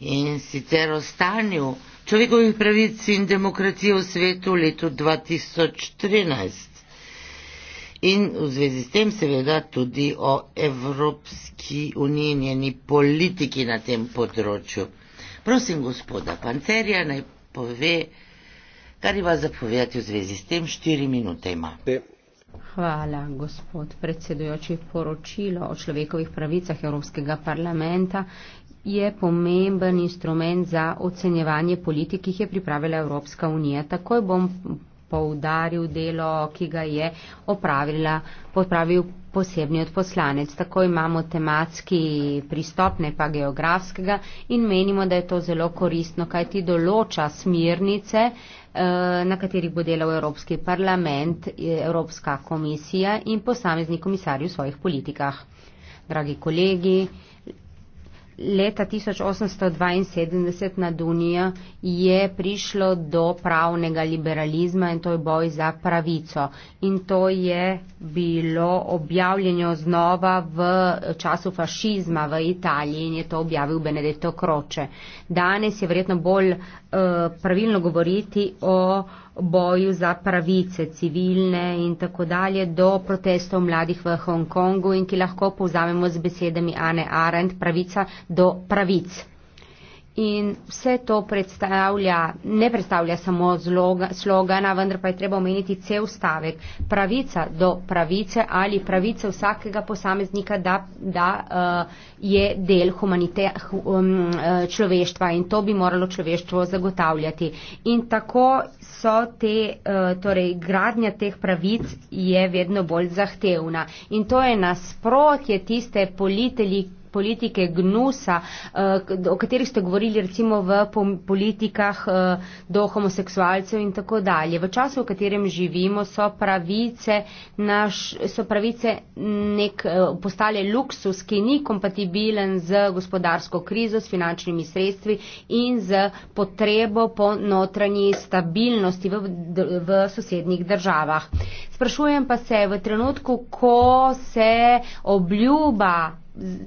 in sicer o stanju človekovih pravic in demokracije v svetu v letu 2013. In v zvezi s tem seveda tudi o Evropski uniji in njeni politiki na tem področju. Prosim gospoda Pancerja, naj pove, kar ima zapovedati v zvezi s tem, štiri minute ima. Hvala, gospod predsedujoči. Poročilo o človekovih pravicah Evropskega parlamenta je pomemben instrument za ocenjevanje politik, ki jih je pripravila Evropska unija. Takoj bom poudaril delo, ki ga je opravila, popravil posebni odposlanec. Tako imamo tematski pristop, ne pa geografskega in menimo, da je to zelo koristno, kaj ti določa smirnice, eh, na katerih bo delal Evropski parlament, Evropska komisija in posamezni komisarji v svojih politikah. Dragi kolegi, leta 1872 na Dunijo je prišlo do pravnega liberalizma in to je boj za pravico. In to je bilo objavljeno znova v času fašizma v Italiji in je to objavil Benedetto Croce. Danes je verjetno bolj uh, pravilno govoriti o uh, boju za pravice civilne in tako dalje do protestov mladih v Hongkongu in ki lahko povzamemo z besedami Ane Arendt pravica do pravic. In vse to predstavlja, ne predstavlja samo zloga, slogana, vendar pa je treba omeniti cel stavek. Pravica do pravice ali pravice vsakega posameznika, da, da uh, je del humanite, um, eh, človeštva in to bi moralo človeštvo zagotavljati. In tako so te, eh, torej gradnja teh pravic je vedno bolj zahtevna. In to je nasprotje tiste politeli, politike gnusa, eh, o katerih ste govorili recimo v politikah eh, do homoseksualcev in tako dalje. V času, v katerem živimo, so pravice, naš, so pravice nek, eh, postale luksus, ki ni kompatibilen z gospodarsko krizo, s finančnimi sredstvi in z potrebo po notranji stabilnosti v, v sosednjih državah. Sprašujem pa se, v trenutku, ko se obljuba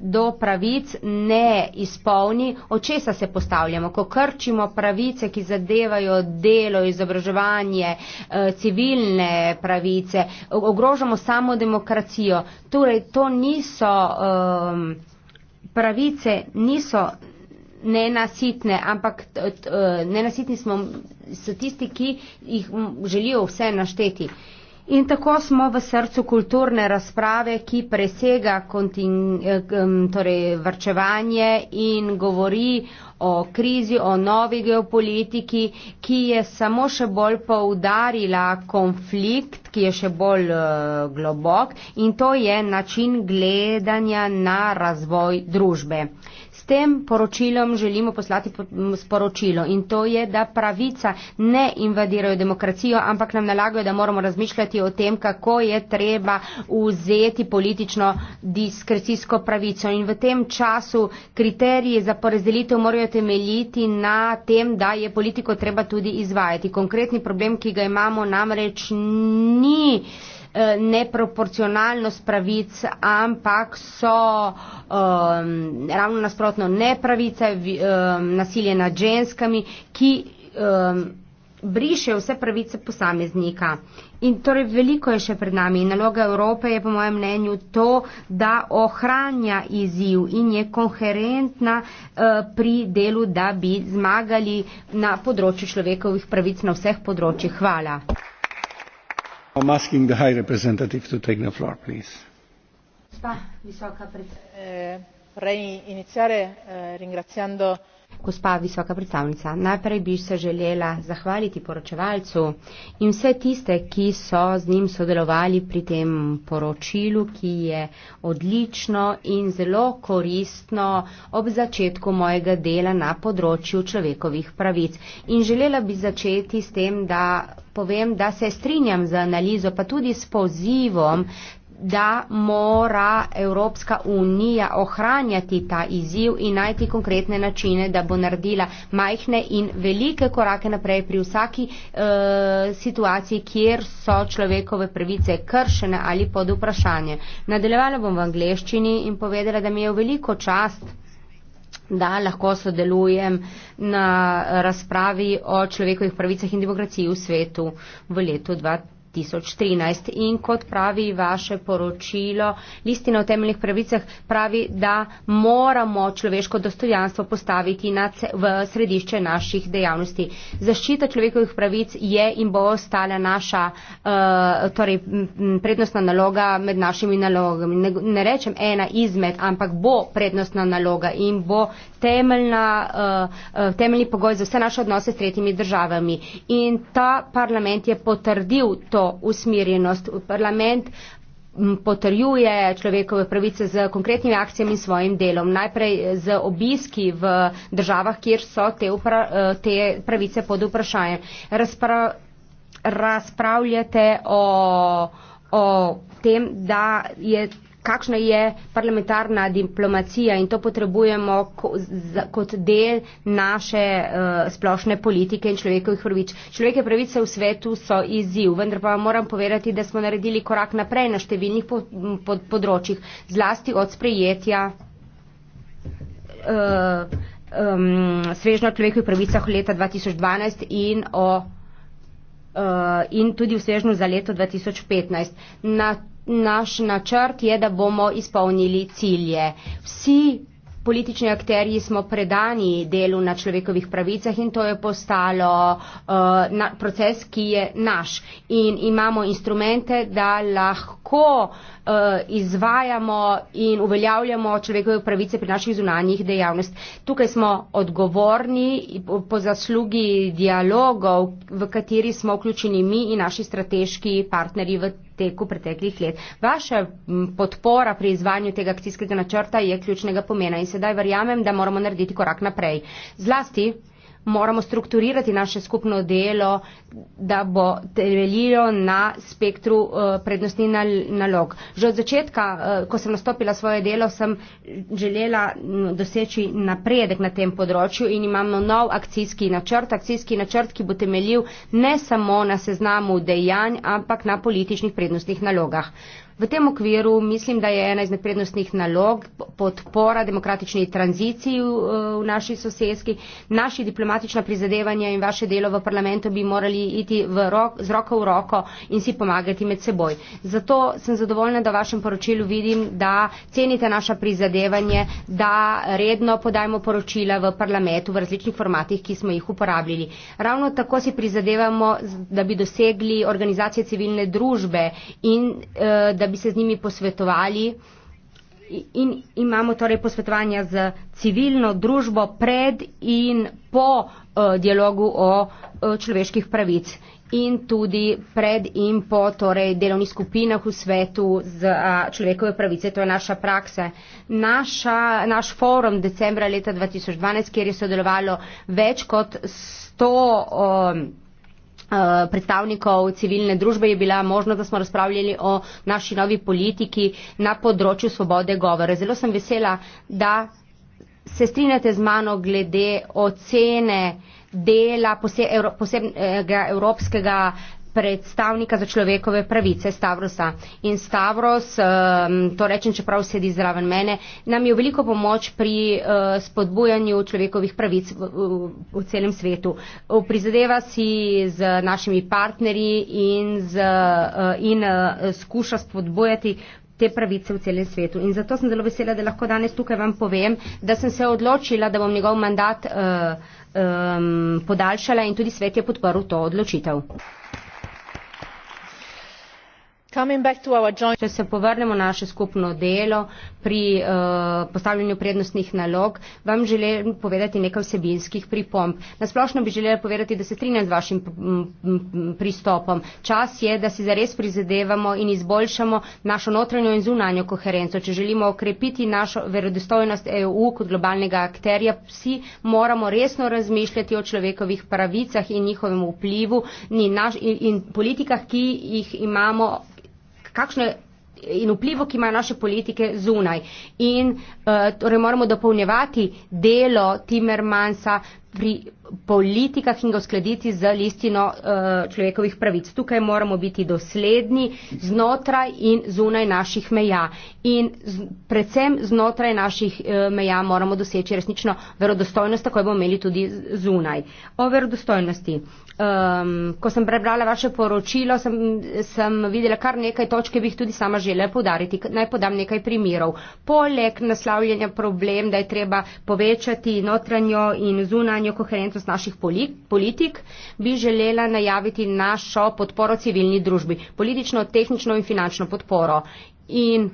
do pravic ne izpolni, od česa se postavljamo, ko krčimo pravice, ki zadevajo delo, izobraževanje, eh, civilne pravice, ogrožamo samo demokracijo. Torej, to niso ehm, pravice, niso nenasitne, ampak eh, nenasitni smo, so tisti, ki jih želijo vse našteti. In tako smo v srcu kulturne razprave, ki presega kontin, eh, torej vrčevanje in govori o krizi, o novi geopolitiki, ki je samo še bolj poudarila konflikt, ki je še bolj eh, globok in to je način gledanja na razvoj družbe tem poročilom želimo poslati sporočilo in to je, da pravica ne invadirajo demokracijo, ampak nam nalagajo, da moramo razmišljati o tem, kako je treba vzeti politično diskrecijsko pravico. In v tem času kriteriji za porazdelitev morajo temeljiti na tem, da je politiko treba tudi izvajati. Konkretni problem, ki ga imamo, namreč ni. Eh, neproporcionalnost pravic, ampak so um, ravno nasprotno nepravice, um, nasilje nad ženskami, ki um, briše vse pravice posameznika. In torej veliko je še pred nami. Naloga Evrope je po mojem mnenju to, da ohranja izziv in je koherentna eh, pri delu, da bi zmagali na področju človekovih pravic na vseh področjih. Hvala vorrei eh, iniziare eh, ringraziando Gospa visoka predstavnica, najprej bi se želela zahvaliti poročevalcu in vse tiste, ki so z njim sodelovali pri tem poročilu, ki je odlično in zelo koristno ob začetku mojega dela na področju človekovih pravic. In želela bi začeti s tem, da povem, da se strinjam z analizo, pa tudi s pozivom da mora Evropska unija ohranjati ta izziv in najti konkretne načine, da bo naredila majhne in velike korake naprej pri vsaki e, situaciji, kjer so človekove pravice kršene ali pod vprašanje. Nadaljevala bom v angleščini in povedala, da mi je veliko čast da lahko sodelujem na eh, razpravi o človekovih pravicah in demokraciji v svetu v letu 2020. 2013. In kot pravi vaše poročilo, listina o temeljnih pravicah pravi, da moramo človeško dostojanstvo postaviti nad, v središče naših dejavnosti. Zaščita človekovih pravic je in bo ostala naša uh, torej, prednostna naloga med našimi nalogami. Ne, ne rečem ena izmed, ampak bo prednostna naloga in bo temeljna, uh, temeljni pogoj za vse naše odnose s tretjimi državami. In ta parlament je potrdil to usmirjenost. Parlament potrjuje človekove pravice z konkretnimi akcijami in svojim delom. Najprej z obiski v državah, kjer so te, upra, eh, te pravice pod vprašanjem. Razpra, razpravljate o, o tem, da je kakšna je parlamentarna diplomacija in to potrebujemo kot del naše eh, splošne politike in človekovih prvič. Človeke pravice v svetu so izziv, vendar pa moram povedati, da smo naredili korak naprej na številnih področjih, zlasti od sprejetja um, eh, svežno človekovih pravicah leta 2012 in o. Uh, in tudi v svežnju za leto 2015. Na naš načrt je, da bomo izpolnili cilje. Vsi politični akteri smo predani delu na človekovih pravicah in to je postalo uh, na, proces, ki je naš. In imamo instrumente, da lahko uh, Eh, izvajamo in uveljavljamo človekove pravice pri naših zunanjih dejavnostih. Tukaj smo odgovorni po zaslugi dialogov, v kateri smo vključeni mi in naši strateški partnerji v teku preteklih let. Vaša podpora pri izvajanju tega akcijskega načrta je ključnega pomena in sedaj verjamem, da moramo narediti korak naprej. Zlasti moramo strukturirati naše skupno delo, da bo temeljilo na spektru eh, prednosti in nalog. Že od začetka, eh, ko sem nastopila svoje delo, sem želela mm, doseči napredek na tem področju in imamo nov akcijski načrt, akcijski načrt, ki bo temeljil ne samo na seznamu dejanj, ampak na političnih prednostnih nalogah. V tem okviru mislim, da je ena izmed prednostnih nalog podpora demokratični tranziciji v, uh, v naši soseski. Naši diplomatična prizadevanja in vaše delo v parlamentu bi morali iti rok, z roko v roko in si pomagati med seboj. Zato sem zadovoljna, da v vašem poročilu vidim, da cenite naša prizadevanje, da redno podajmo poročila v parlamentu v različnih formatih, ki smo jih uporabljali. Ravno tako si prizadevamo, da bi dosegli organizacije civilne družbe in eh, da bi bi se z njimi posvetovali. In imamo torej posvetovanja z civilno družbo pred in po uh, dialogu o uh, človeških pravic in tudi pred in po torej, delovnih skupinah v svetu za uh, človekove pravice. To je naša praksa. Naša, naš forum decembra leta 2012, kjer je sodelovalo več kot 100. Um, eh, Eh, predstavnikov civilne družbe je bila možnost, da smo razpravljali o naši novi politiki na področju svobode govora. Zelo sem vesela, da se strinjate z mano glede ocene dela posebnega evropskega predstavnika za človekove pravice Stavrosa. In Stavros, ehm, to rečem, čeprav sedi zraven mene, nam je v veliko pomoč pri eh, spodbujanju človekovih pravic v, v, v celem svetu. Prizadeva si z našimi partnerji in, z, eh, in eh, skuša spodbujati te pravice v celem svetu. In zato sem zelo vesela, da lahko danes tukaj vam povem, da sem se odločila, da bom njegov mandat uh, um, podaljšala in tudi svet je podporil to odločitev. Če se povrnemo naše skupno delo pri uh, postavljanju prednostnih nalog, vam želim povedati nekaj vsebinskih pripomb. Nasplošno bi želela povedati, da se strinjam z vašim pristopom. Čas je, da si zares prizadevamo in izboljšamo našo notranjo in zunanjo koherenco. Če želimo okrepiti našo verodostojnost EU kot globalnega akterja, vsi moramo resno razmišljati o človekovih pravicah in njihovem vplivu in, naš, in, in politikah, ki jih imamo kakšne in vplivo, ki imajo naše politike zunaj. In uh, torej moramo dopolnjevati delo Timermansa pri politikah in ga uskladiti z listino uh, človekovih pravic. Tukaj moramo biti dosledni znotraj in zunaj naših meja. In z, predvsem znotraj naših uh, meja moramo doseči resnično verodostojnost, tako jo bomo imeli tudi zunaj. O verodostojnosti. Uh, Um, ko sem prebrala vaše poročilo, sem, sem videla kar nekaj točk, ki bi jih tudi sama želela podariti. Naj podam nekaj primerov. Poleg naslavljanja problem, da je treba povečati notranjo in zunanjo koherentnost naših politik, bi želela najaviti našo podporo civilni družbi, politično, tehnično in finančno podporo. In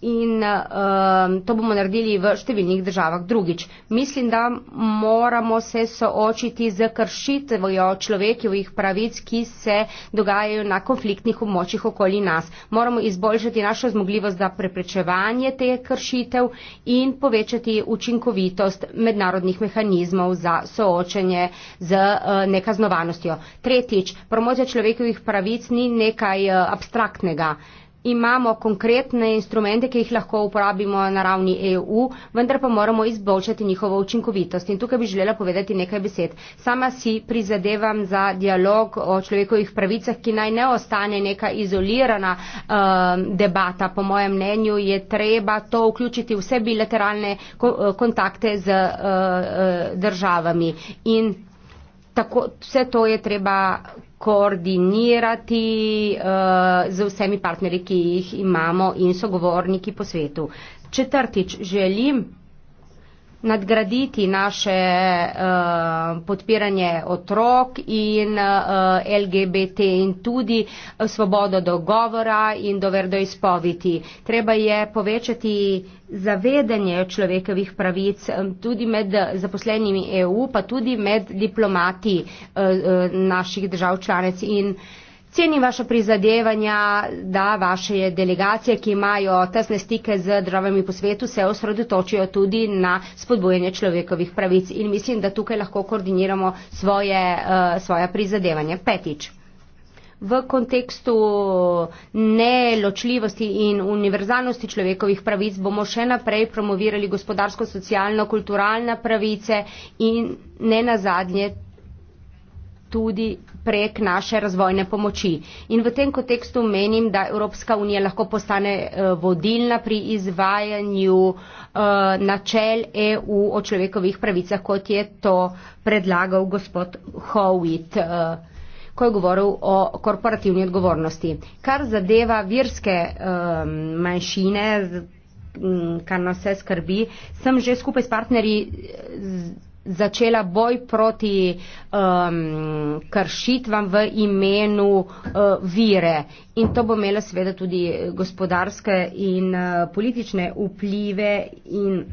in um, to bomo naredili v številnih državah. Drugič, mislim, da moramo se soočiti z kršitvijo človekovih pravic, ki se dogajajo na konfliktnih območjih okoli nas. Moramo izboljšati našo zmogljivost za preprečevanje teh kršitev in povečati učinkovitost mednarodnih mehanizmov za soočanje z uh, nekaznovanostjo. Tretjič, promocija človekovih pravic ni nekaj uh, abstraktnega imamo konkretne instrumente, ki jih lahko uporabimo na ravni EU, vendar pa moramo izboljšati njihovo učinkovitost. In tukaj bi želela povedati nekaj besed. Sama si prizadevam za dialog o človekovih pravicah, ki naj ne ostane neka izolirana um, debata. Po mojem mnenju je treba to vključiti vse bilateralne eh, kontakte z uh, državami. In tako, vse to je treba koordinirati uh, z vsemi partnerji, ki jih imamo in sogovorniki po svetu. Četrtič, želim nadgraditi naše uh, podpiranje otrok in uh, eh, LGBT in tudi eh, svobodo dogovora in do verdoizpoviti. Treba je povečati zavedanje človekovih pravic tudi med zaposlenimi EU, pa tudi med diplomati uh, naših držav članic in uh, Cenim vaše prizadevanja, da vaše delegacije, ki imajo tesne stike z državami po svetu, se osredotočijo tudi na spodbojanje človekovih pravic in mislim, da tukaj lahko koordiniramo svoje, uh, eh, svoje prizadevanje. Petič. V kontekstu neločljivosti in univerzalnosti človekovih pravic bomo še naprej promovirali gospodarsko, socialno, kulturalne pravice in ne nazadnje tudi prek naše razvojne pomoči. In v tem kontekstu menim, da Evropska unija lahko postane eh, vodilna pri izvajanju eh, načel EU o človekovih pravicah, kot je to predlagal gospod Howitt, eh, ko je govoril o korporativni odgovornosti. Kar zadeva virske manjšine, kar nas vse skrbi, sem že skupaj s partnerji začela boj proti um, kršitvam v imenu uh, vire. In to bo imelo seveda tudi gospodarske in uh, politične vplive in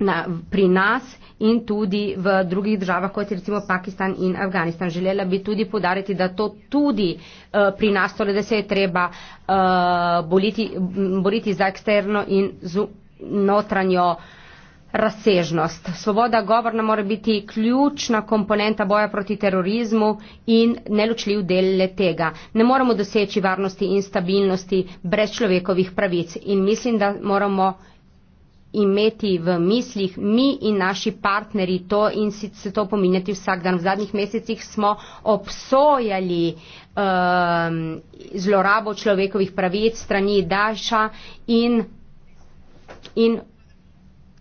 na, pri nas in tudi v drugih državah, kot je recimo Pakistan in Afganistan. Želela bi tudi podariti, da to tudi uh, pri nas, torej da se je treba uh, boriti, boriti za eksterno in notranjo uh, razsežnost. Svoboda govorna mora biti ključna komponenta boja proti terorizmu in neločljiv del le tega. Ne moremo doseči varnosti in stabilnosti brez človekovih pravic in mislim, da moramo imeti v mislih mi in naši partneri to in si se to pominjati vsak dan. V zadnjih mesecih smo obsojali um, zlorabo človekovih pravic strani Daša in, in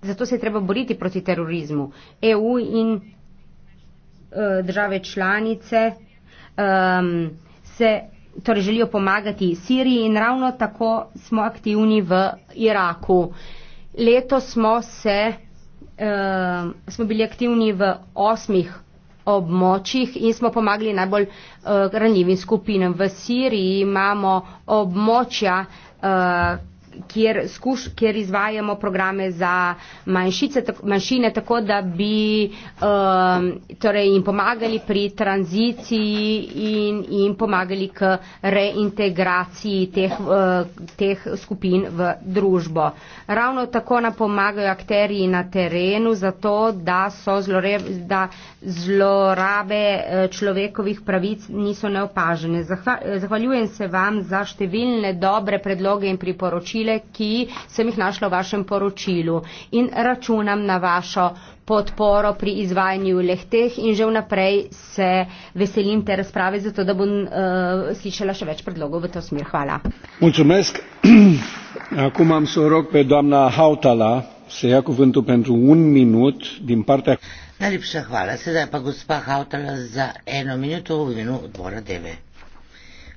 Zato se je treba boriti proti terorizmu. EU in uh, države članice um, se torej želijo pomagati Siriji in ravno tako smo aktivni v Iraku. Leto smo, se, uh, smo bili aktivni v osmih območjih in smo pomagali najbolj uh, ranljivim skupinam. V Siriji imamo območja, uh, kjer, skuš, kjer izvajamo programe za manjšice, tako, manjšine, tako da bi um, torej jim pomagali pri tranziciji in jim pomagali k reintegraciji teh, uh, teh skupin v družbo. Ravno tako nam pomagajo akteri na terenu za to, da so zloreb, da zlorabe eh, človekovih pravic niso neopažene. Zahva, zahvaljujem se vam za številne dobre predloge in priporočila sporočile, ki sem jih našla v vašem poročilu in računam na vašo podporo pri izvajanju lehteh in že vnaprej se veselim te razprave, zato da bom uh, slišala še več predlogov v to smer. Hvala. Mulțumesc. Acum am să rog pe doamna Hautala să ia cuvântul pentru un minut din partea... Najlepša hvala. Sedaj pa gospa Hautala za eno minuto v imenu odbora DV.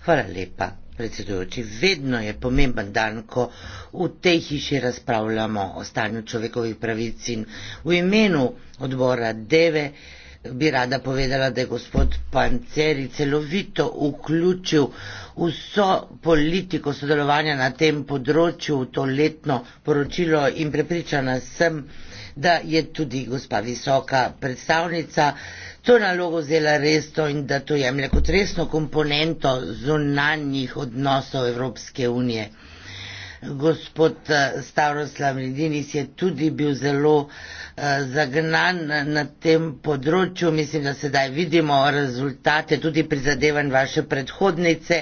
Hvala lepa. Predsedujoči, vedno je pomemben dan, ko v tej hiši razpravljamo o stanju človekovih pravic in v imenu odbora Deve bi rada povedala, da je gospod Panceri celovito vključil vso politiko sodelovanja na tem področju v to letno poročilo in prepričana sem, da je tudi gospa visoka predstavnica to nalogo zela resno in da to jemlje kot resno komponento zunanjih odnosov Evropske unije. Gospod eh, Stavroslav Lidinis je tudi bil zelo eh, zagnan na tem področju. Mislim, da sedaj vidimo rezultate tudi prizadevanj vaše predhodnice.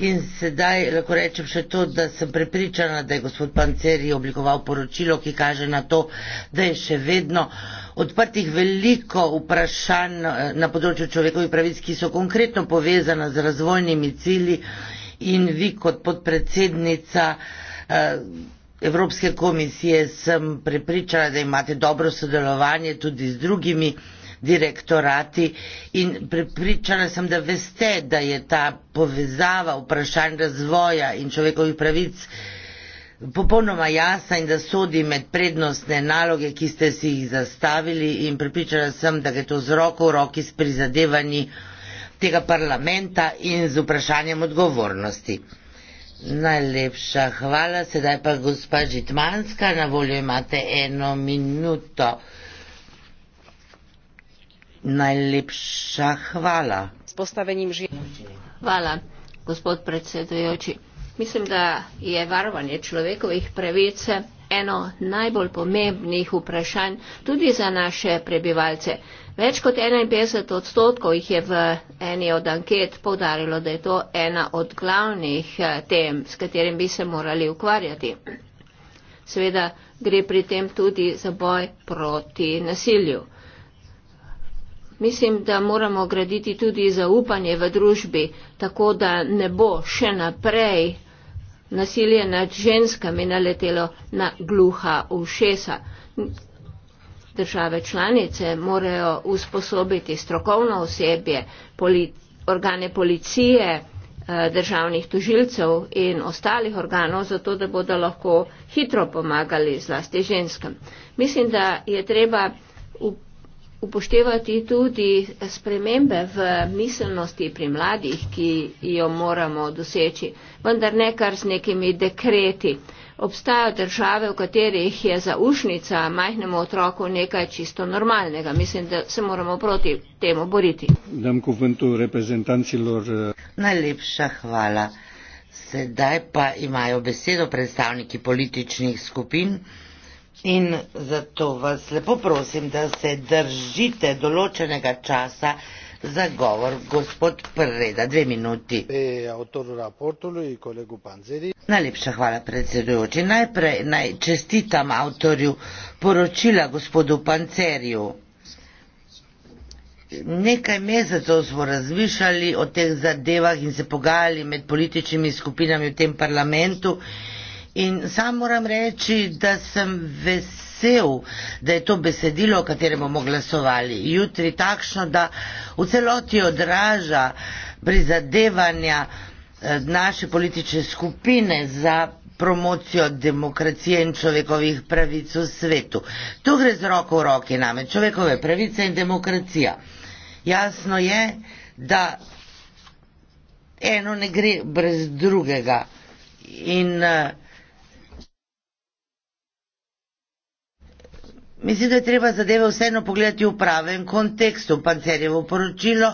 In sedaj lahko rečem še to, da sem prepričana, da je gospod Panceri oblikoval poročilo, ki kaže na to, da je še vedno odprtih veliko vprašanj eh, na področju človekovih pravic, ki so konkretno povezana z razvojnimi cili in vi kot podpredsednica eh, Evropske komisije sem prepričana, da imate dobro sodelovanje tudi z drugimi direktorati in pripričana sem, da veste, da je ta povezava vprašanj razvoja in človekovih pravic popolnoma jasna in da sodi med prednostne naloge, ki ste si jih zastavili in pripričana sem, da je to z roko v roki s prizadevanji tega parlamenta in z vprašanjem odgovornosti. Najlepša hvala, sedaj pa gospa Žitmanska, na voljo imate eno minuto najlepša hvala. S postavenim življenjem. Hvala, gospod predsedujoči. Mislim, da je varovanje človekovih pravic eno najbolj pomembnih vprašanj tudi za naše prebivalce. Več kot 51 odstotkov jih je v eni od anket povdarilo, da je to ena od glavnih eh, tem, s katerim bi se morali ukvarjati. Seveda gre pri tem tudi za boj proti nasilju mislim, da moramo graditi tudi zaupanje v družbi, tako da ne bo še naprej nasilje nad ženskami naletelo na gluha ušesa. Države članice morajo usposobiti strokovno osebje, poli, organe policije, eh, državnih tožilcev in ostalih organov, zato da bodo lahko hitro pomagali zlasti ženskam. Mislim, da je treba upoštevati tudi spremembe v miselnosti pri mladih, ki jo moramo doseči, vendar ne kar z nekimi dekreti. Obstajajo države, v katerih je za ušnica majhnemu otroku nekaj čisto normalnega. Mislim, da se moramo proti temu boriti. Eh, Najlepša hvala. Sedaj pa imajo besedo predstavniki političnih skupin. In zato vas lepo prosim, da se držite določenega časa za govor, gospod Preda, dve minuti. E, Najlepša hvala, predsedujoči. Najprej naj čestitam avtorju poročila, gospodu Panceriju. Nekaj mesecev smo razmišljali o teh zadevah in se pogajali med političnimi skupinami v tem parlamentu. In sam moram reči, da sem vesel, da je to besedilo, o katerem bomo glasovali jutri, takšno, da v celoti odraža prizadevanja eh, naše politične skupine za promocijo demokracije in človekovih pravic v svetu. Tu gre z roko v roki name, človekove pravice in demokracija. Jasno je, da eno ne gre brez drugega. In uh, Mislim, da je treba zadeve vseeno pogledati v pravem kontekstu. Pancerjevo poročilo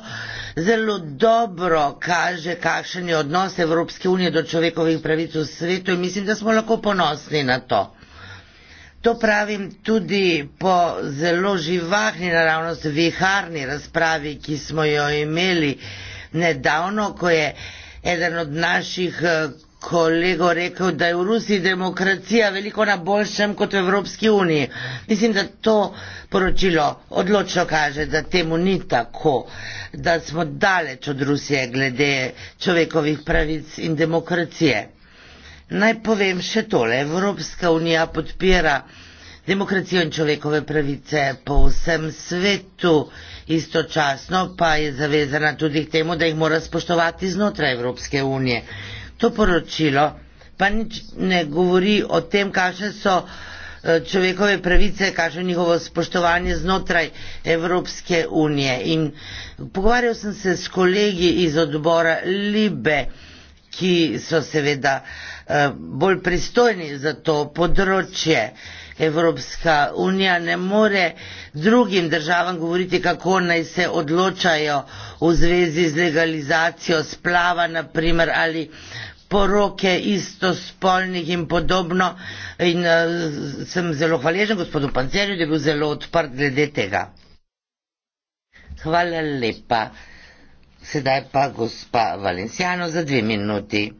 zelo dobro kaže, kakšen je odnos Evropske unije do človekovih pravic v svetu in mislim, da smo lahko ponosni na to. To pravim tudi po zelo živahni naravnost viharni razpravi, ki smo jo imeli nedavno, ko je eden od naših eh, kolego rekel, da je v Rusiji demokracija veliko na boljšem kot v Evropski uniji. Mislim, da to poročilo odločno kaže, da temu ni tako, da smo daleč od Rusije glede človekovih pravic in demokracije. Naj povem še tole, Evropska unija podpira demokracijo in človekove pravice po vsem svetu, istočasno pa je zavezana tudi k temu, da jih mora spoštovati znotraj Evropske unije to poročilo pa nič ne govori o tem, kakšne so eh, človekove pravice, kakšno je njihovo spoštovanje znotraj Evropske unije. In pogovarjal sem se s kolegi iz odbora Libe, ki so seveda eh, bolj pristojni za to področje. Evropska unija ne more drugim državam govoriti, kako naj se odločajo v zvezi z legalizacijo splava, naprimer ali poroke istospolnih in podobno. In uh, sem zelo hvaležen gospodu Pancerju, da je bil zelo odprt glede tega. Hvala lepa. Sedaj pa gospa Valencijano za dve minuti.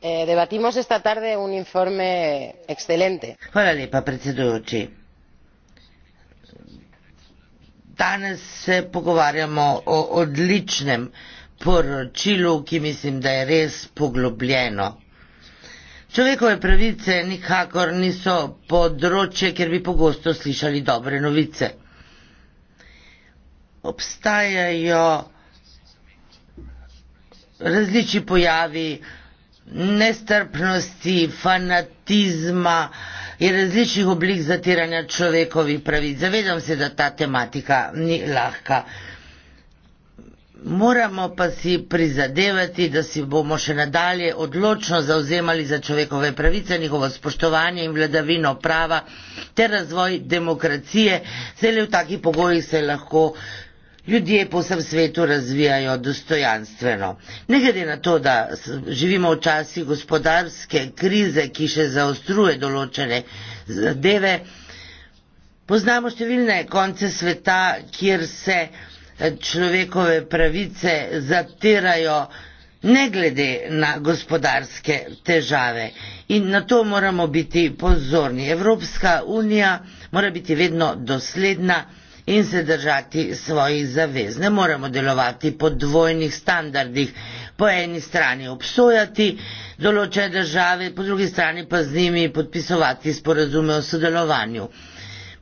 Eh, debatimos esta tarde un informe excelente. Hvala lepa, predsedujoči. Danes se pogovarjamo o odličnem poročilu, ki mislim, da je res poglobljeno. Človekove pravice nikakor niso področje, kjer bi pogosto slišali dobre novice. Obstajajo različni pojavi, nestrpnosti, fanatizma in različnih oblik zatiranja človekovih pravic. Zavedam se, da ta tematika ni lahka. Moramo pa si prizadevati, da si bomo še nadalje odločno zauzemali za človekove pravice, njihovo spoštovanje in vladavino prava ter razvoj demokracije. Vse le v takih pogojih se lahko Ljudje po vsem svetu razvijajo dostojanstveno. Ne glede na to, da živimo v časi gospodarske krize, ki še zaostruje določene zadeve, poznamo številne konce sveta, kjer se eh, človekove pravice zatirajo ne glede na gospodarske težave. In na to moramo biti pozorni. Evropska unija mora biti vedno dosledna in se držati svojih zavez. Ne moremo delovati po dvojnih standardih. Po eni strani obsojati določene države, po drugi strani pa z njimi podpisovati sporazume o sodelovanju.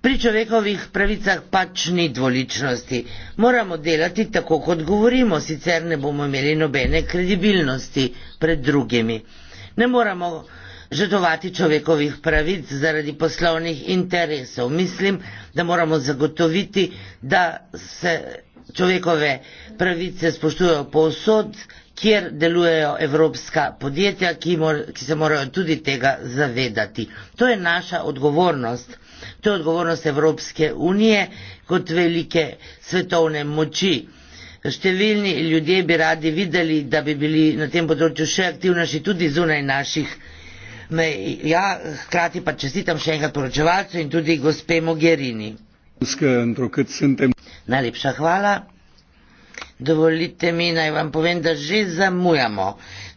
Pri človekovih pravicah pač ni dvoličnosti. Moramo delati tako, kot govorimo, sicer ne bomo imeli nobene kredibilnosti pred drugimi. Ne moramo žrtvovati človekovih pravic zaradi poslovnih interesov. Mislim, da moramo zagotoviti, da se človekove pravice spoštujejo povsod, kjer delujejo evropska podjetja, ki, mor, ki se morajo tudi tega zavedati. To je naša odgovornost. To je odgovornost Evropske unije kot velike svetovne moči. Številni ljudje bi radi videli, da bi bili na tem področju še aktivnejši tudi zunaj naših Me, ja, hkrati pa čestitam še enkrat poročevalcu in tudi gospe Mogherini. Najlepša hvala. Dovolite mi naj vam povem, da že zamujamo,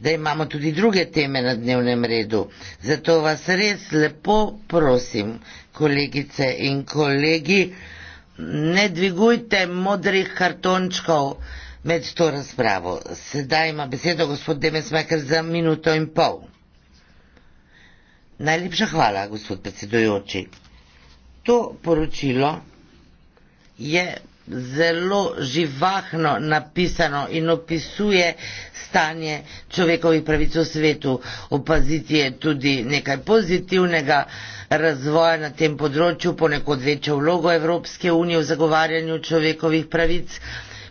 da imamo tudi druge teme na dnevnem redu. Zato vas res lepo prosim, kolegice in kolegi, ne dvigujte modrih kartončkov med to razpravo. Sedaj ima besedo gospod Demesmaker za minuto in pol. Najlepša hvala, gospod predsedujoči. To poročilo je zelo živahno napisano in opisuje stanje človekovih pravic v svetu. Opaziti je tudi nekaj pozitivnega razvoja na tem področju, ponekod večjo vlogo Evropske unije v zagovarjanju človekovih pravic.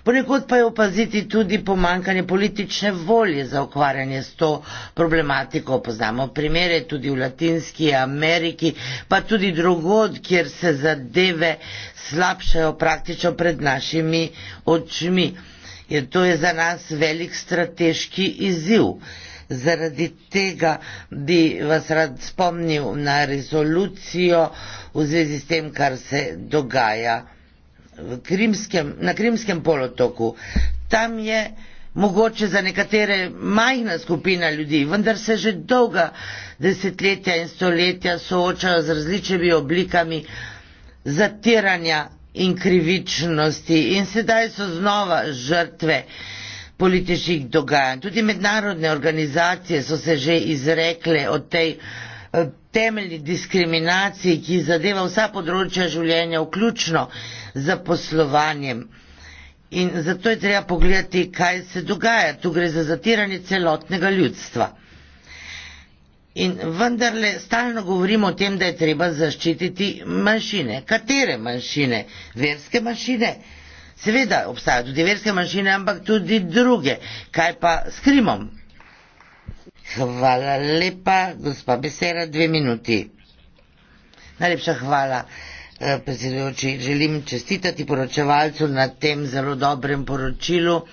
Ponekod pa je opaziti tudi pomankanje politične volje za okvarjanje s to problematiko. Poznamo primere tudi v Latinski Ameriki, pa tudi drugod, kjer se zadeve slabšajo praktično pred našimi očmi. In to je za nas velik strateški izziv. Zaradi tega bi vas rad spomnil na rezolucijo v zvezi s tem, kar se dogaja. Krimskem, na Krimskem polotoku. Tam je mogoče za nekatere majhna skupina ljudi, vendar se že dolga desetletja in stoletja soočajo z različnimi oblikami zatiranja in krivičnosti in sedaj so znova žrtve političnih dogajanj. Tudi mednarodne organizacije so se že izrekle o tej eh, temelji diskriminacije, ki zadeva vsa področja življenja, vključno z poslovanjem. In zato je treba pogledati, kaj se dogaja. Tu gre za zatiranje celotnega ljudstva. In vendarle stalno govorimo o tem, da je treba zaščititi manjšine. Katere manjšine? Verske manjšine? Seveda obstajajo tudi verske manjšine, ampak tudi druge. Kaj pa s krimom, Hvala lepa, gospa Besera, dve minuti. Najlepša hvala, eh, predsedujoči. Želim čestitati poročevalcu na tem zelo dobrem poročilu,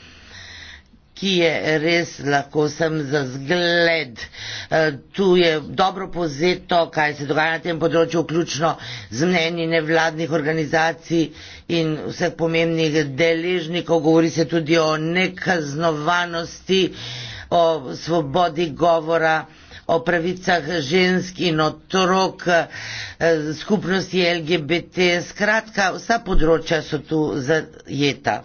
ki je res lahko sem za zgled. Eh, tu je dobro pozeto, kaj se dogaja na tem področju, vključno z mnenji nevladnih organizacij in vseh pomembnih deležnikov. Govori se tudi o nekaznovanosti o svobodi govora, o pravicah žensk in otrok, eh, skupnosti LGBT, skratka, vsa področja so tu zajeta.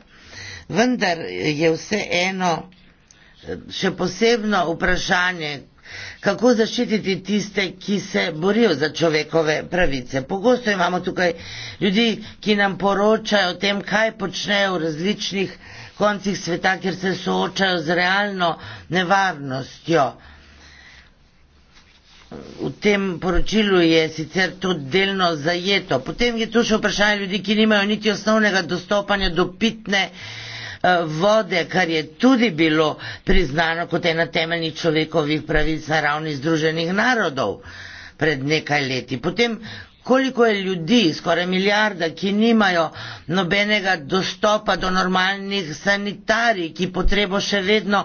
Vendar je vse eno še posebno vprašanje, kako zaščititi tiste, ki se borijo za človekove pravice. Pogosto imamo tukaj ljudi, ki nam poročajo o tem, kaj počnejo v različnih koncih sveta, kjer se soočajo z realno nevarnostjo. V tem poročilu je sicer to delno zajeto. Potem je tu še vprašanje ljudi, ki nimajo niti osnovnega dostopanja do pitne eh, vode, kar je tudi bilo priznano kot ena temeljnih človekovih pravic na ravni Združenih narodov pred nekaj leti. Potem koliko je ljudi, skoraj milijarda, ki nimajo nobenega dostopa do normalnih sanitarij, ki potrebo še vedno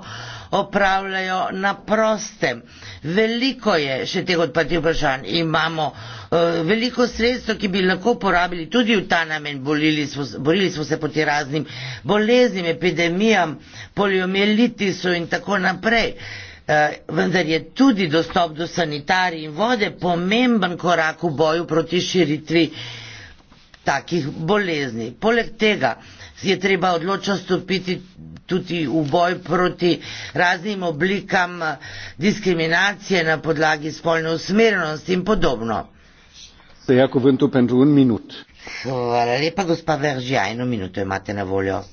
opravljajo na prostem. Veliko je še teh odprtih vprašanj. Imamo uh, veliko sredstev, ki bi lahko porabili tudi v ta namen. Borili smo se proti raznim boleznim, epidemijam, poliomielitisu in tako naprej. Uh, Eh, vendar je tudi dostop do sanitarij in vode pomemben korak v boju proti širitvi takih bolezni. Poleg tega je treba odločno stopiti tudi v boj proti raznim oblikam eh, diskriminacije na podlagi spolne usmerjenosti in podobno. Hvala lepa, gospa Veržija, eno minuto imate na voljo.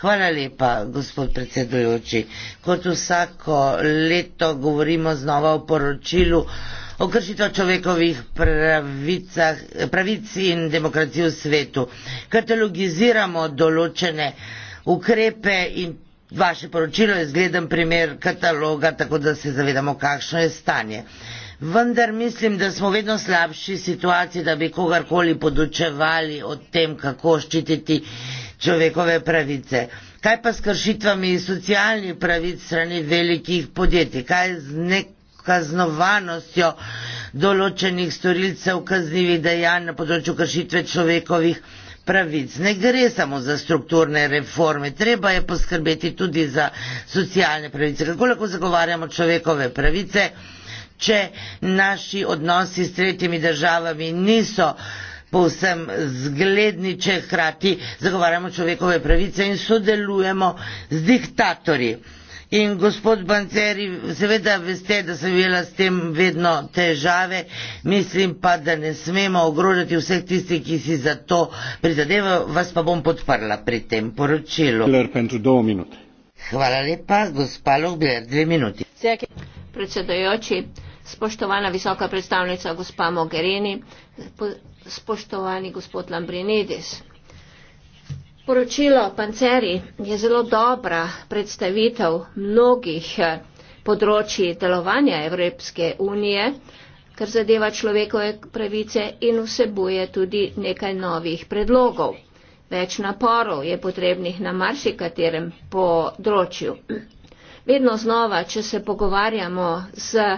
Hvala lepa, gospod predsedujoči. Kot vsako leto govorimo znova o poročilu o kršitvah človekovih pravicah, pravic in demokraciji v svetu. Katalogiziramo določene ukrepe in vaše poročilo je zgleden primer kataloga, tako da se zavedamo, kakšno je stanje. Vendar mislim, da smo vedno slabši situaciji, da bi kogarkoli podučevali o tem, kako ščititi človekove pravice. Kaj pa s kršitvami socialnih pravic strani velikih podjetij? Kaj z nekaznovanostjo določenih storilcev kaznjivih dejanj na področju kršitve človekovih pravic? Ne gre samo za strukturne reforme, treba je poskrbeti tudi za socialne pravice. Kako lahko zagovarjamo človekove pravice, če naši odnosi s tretjimi državami niso povsem zgledni, če hkrati zagovarjamo človekove pravice in sodelujemo z diktatorji. In gospod Banceri, seveda veste, da sem imela s tem vedno težave, mislim pa, da ne smemo ogrožati vseh tistih, ki si za to prizadevajo, vas pa bom podprla pri tem poročilu. Hvala lepa, gospa Lugler, dve minuti. Predsedajoči, spoštovana visoka predstavnica gospa Mogherini, spoštovani gospod Lambrinidis. Poročilo Panceri je zelo dobra predstavitev mnogih eh, področji delovanja Evropske unije, kar zadeva človekove pravice in vsebuje tudi nekaj novih predlogov. Več naporov je potrebnih na marsikaterem področju. Vedno znova, če se pogovarjamo z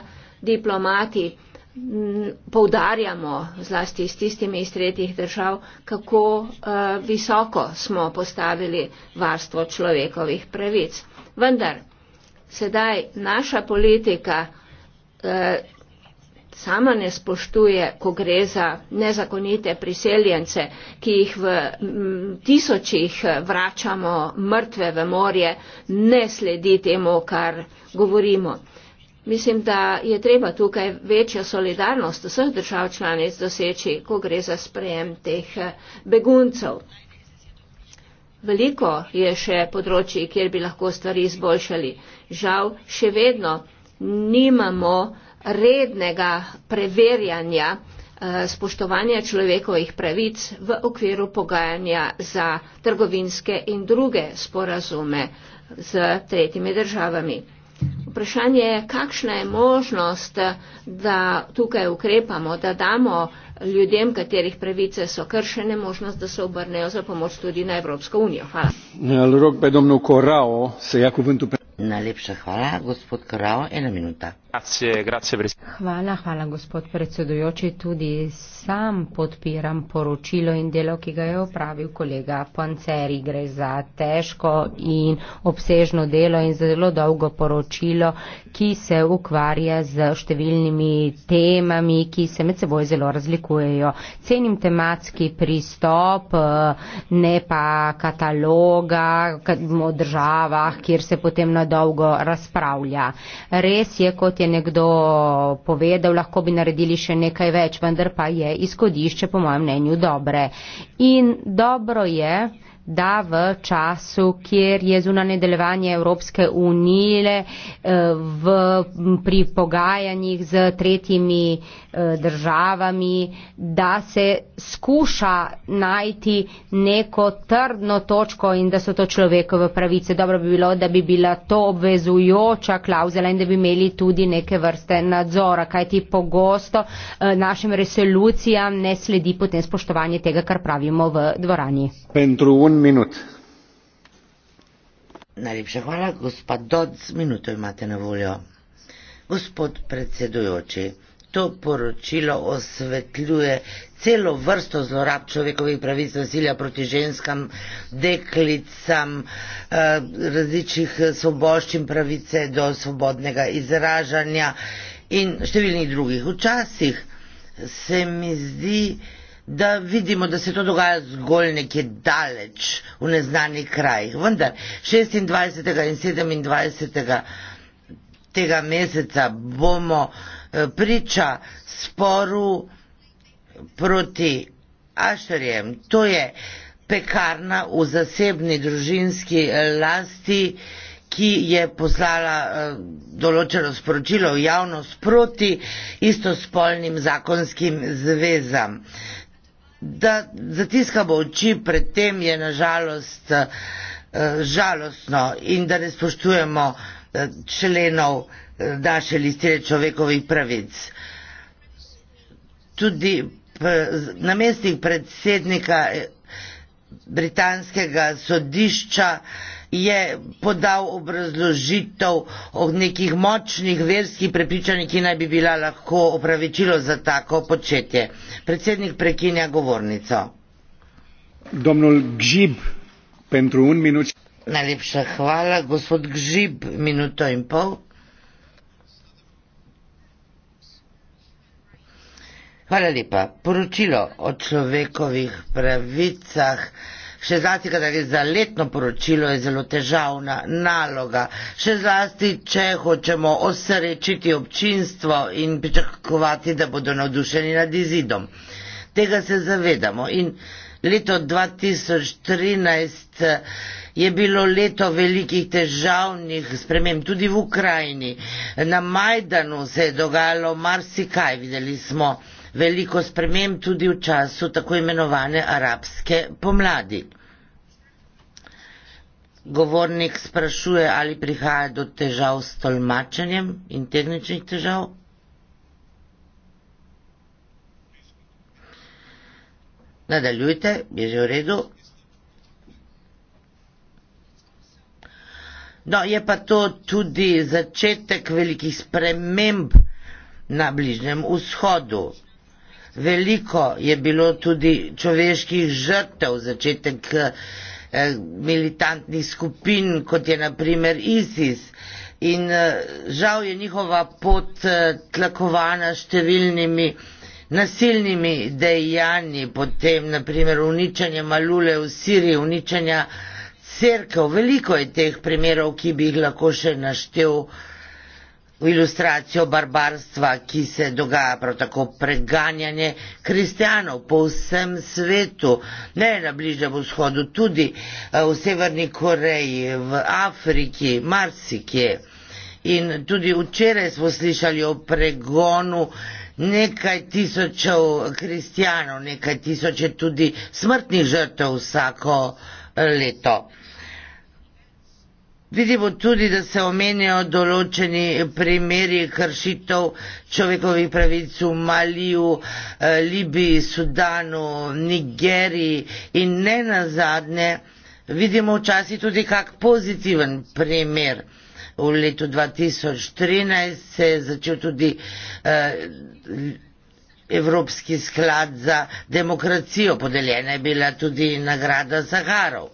diplomati poudarjamo, zlasti s tistimi iz tretjih držav, kako eh, visoko smo postavili varstvo človekovih pravic. Vendar sedaj naša politika eh, sama ne spoštuje, ko gre za nezakonite priseljence, ki jih v tisočih eh, vračamo mrtve v morje, ne sledi temu, kar govorimo. Mislim, da je treba tukaj večjo solidarnost vseh držav članic doseči, ko gre za sprejem teh eh, beguncev. Veliko je še področji, kjer bi lahko stvari izboljšali. Žal, še vedno nimamo rednega preverjanja eh, spoštovanja človekovih pravic v okviru pogajanja za trgovinske in druge sporazume z tretjimi državami. Vprašanje je, kakšna je možnost, da tukaj ukrepamo, da damo ljudem, katerih pravice so kršene, možnost, da se obrnejo za pomoč tudi na Evropsko unijo. Hvala. Najlepša hvala, gospod Korao, ena minuta. Hvala, hvala gospod predsedujoči. Tudi sam podpiram poročilo in delo, ki ga je opravil kolega Panceri. Gre za težko in obsežno delo in zelo dolgo poročilo, ki se ukvarja z številnimi temami, ki se med seboj zelo razlikujejo. Cenim tematski pristop, eh, ne pa kataloga o državah, kjer se potem na dolgo razpravlja. Res je, kot je je nekdo povedal, lahko bi naredili še nekaj več, vendar pa je izhodišče po mojem mnenju dobre. In dobro je, da v času, kjer je zunanje delovanje Evropske unije eh, v, pri pogajanjih z tretjimi eh, državami, da se skuša najti neko trdno točko in da so to človekove pravice. Dobro bi bilo, da bi bila to obvezujoča klauzula in da bi imeli tudi neke vrste nadzora, kajti pogosto eh, našim resolucijam ne sledi potem spoštovanje tega, kar pravimo v dvorani. Simon Minut. Najlepša hvala, gospod Dodds, minuto imate na voljo. Gospod predsedujoči, to poročilo osvetljuje celo vrsto zlorab človekovih pravic nasilja proti ženskam, deklicam, eh, različnih svoboščin pravice do svobodnega izražanja in številnih drugih. Včasih se mi zdi, da vidimo, da se to dogaja zgolj nekje daleč v neznanih krajih. Vendar 26. in 27. tega meseca bomo eh, priča sporu proti Ašerjem. To je pekarna v zasebni družinski eh, lasti, ki je poslala eh, določeno sporočilo v javnost proti istospolnim zakonskim zvezam da zatiskamo oči pred tem, je nažalost eh, žalostno in da ne spoštujemo eh, členov eh, naše listine človekovih pravic. Tudi namestnik predsednika britanskega sodišča je podal obrazložitev o nekih močnih verskih prepričanjih, ki naj bi bila lahko opravičilo za tako početje. Predsednik prekinja govornico. Gžib, minut... Najlepša hvala, gospod Gžib, minuto in pol. Hvala lepa. Poročilo o človekovih pravicah še zlasti, kada je za letno poročilo, je zelo težavna naloga. Še zlasti, če hočemo osrečiti občinstvo in pričakovati, da bodo navdušeni nad izidom. Tega se zavedamo in leto 2013 eh, je bilo leto velikih težavnih sprememb tudi v Ukrajini. Na Majdanu se je dogajalo marsikaj, videli smo veliko sprememb tudi v času tako imenovane arabske pomladi. Govornik sprašuje, ali prihaja do težav s tolmačenjem in tehničnih težav. Nadaljujte, je že v redu. No, je pa to tudi začetek velikih sprememb na Bližnjem vzhodu veliko je bilo tudi človeških žrtev, začetek eh, militantnih skupin, kot je naprimer ISIS. In eh, žal je njihova pot eh, tlakovana številnimi nasilnimi dejanji, potem naprimer uničanje malule v Siriji, uničanja crkve. Veliko je teh primerov, ki bi jih lahko še naštel v ilustracijo barbarstva, ki se dogaja prav tako preganjanje kristijanov po vsem svetu, ne na Bližnjem vzhodu, tudi eh, v Severni Koreji, v Afriki, marsikje. In tudi včeraj smo slišali o pregonu nekaj tisočev kristijanov, nekaj tisoče tudi smrtnih žrtev vsako eh, leto. Vidimo tudi, da se omenjajo določeni primeri kršitev človekovih pravic v Maliju, eh, Libiji, Sudanu, Nigeriji in ne nazadnje vidimo včasih tudi kak pozitiven primer. V letu 2013 se je začel tudi eh, Evropski sklad za demokracijo, podeljena je bila tudi nagrada Zaharov.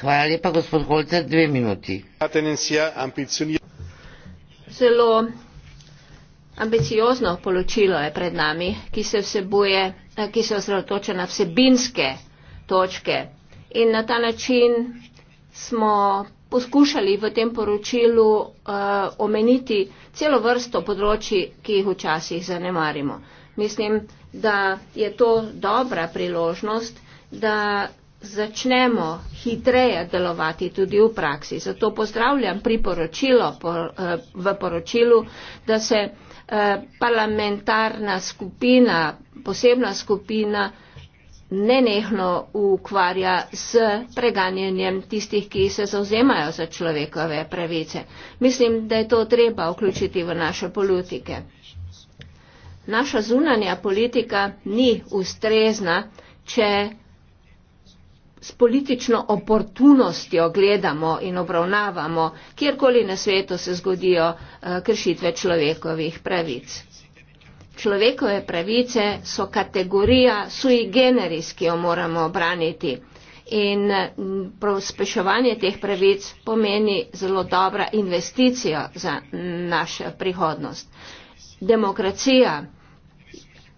Hvala lepa, gospod Holcer, dve minuti. Zelo ambiciozno poročilo je pred nami, ki se vsebuje, ki se osredotoča na vsebinske točke. In na ta način smo poskušali v tem poročilu uh, omeniti celo vrsto področji, ki jih včasih zanemarimo. Mislim, da je to dobra priložnost, da začnemo hitreje delovati tudi v praksi. Zato pozdravljam priporočilo eh, v poročilu, da se eh, parlamentarna skupina, posebna skupina, nenehno ukvarja s preganjanjem tistih, ki se zauzemajo za človekove pravice. Mislim, da je to treba vključiti v naše politike. Naša zunanja politika ni ustrezna, če s politično oportunostjo gledamo in obravnavamo, kjerkoli na svetu se zgodijo eh, kršitve človekovih pravic. Človekove pravice so kategorija sui generis, ki jo moramo obraniti. In mm, prospeševanje teh pravic pomeni zelo dobra investicija za našo prihodnost. Demokracija,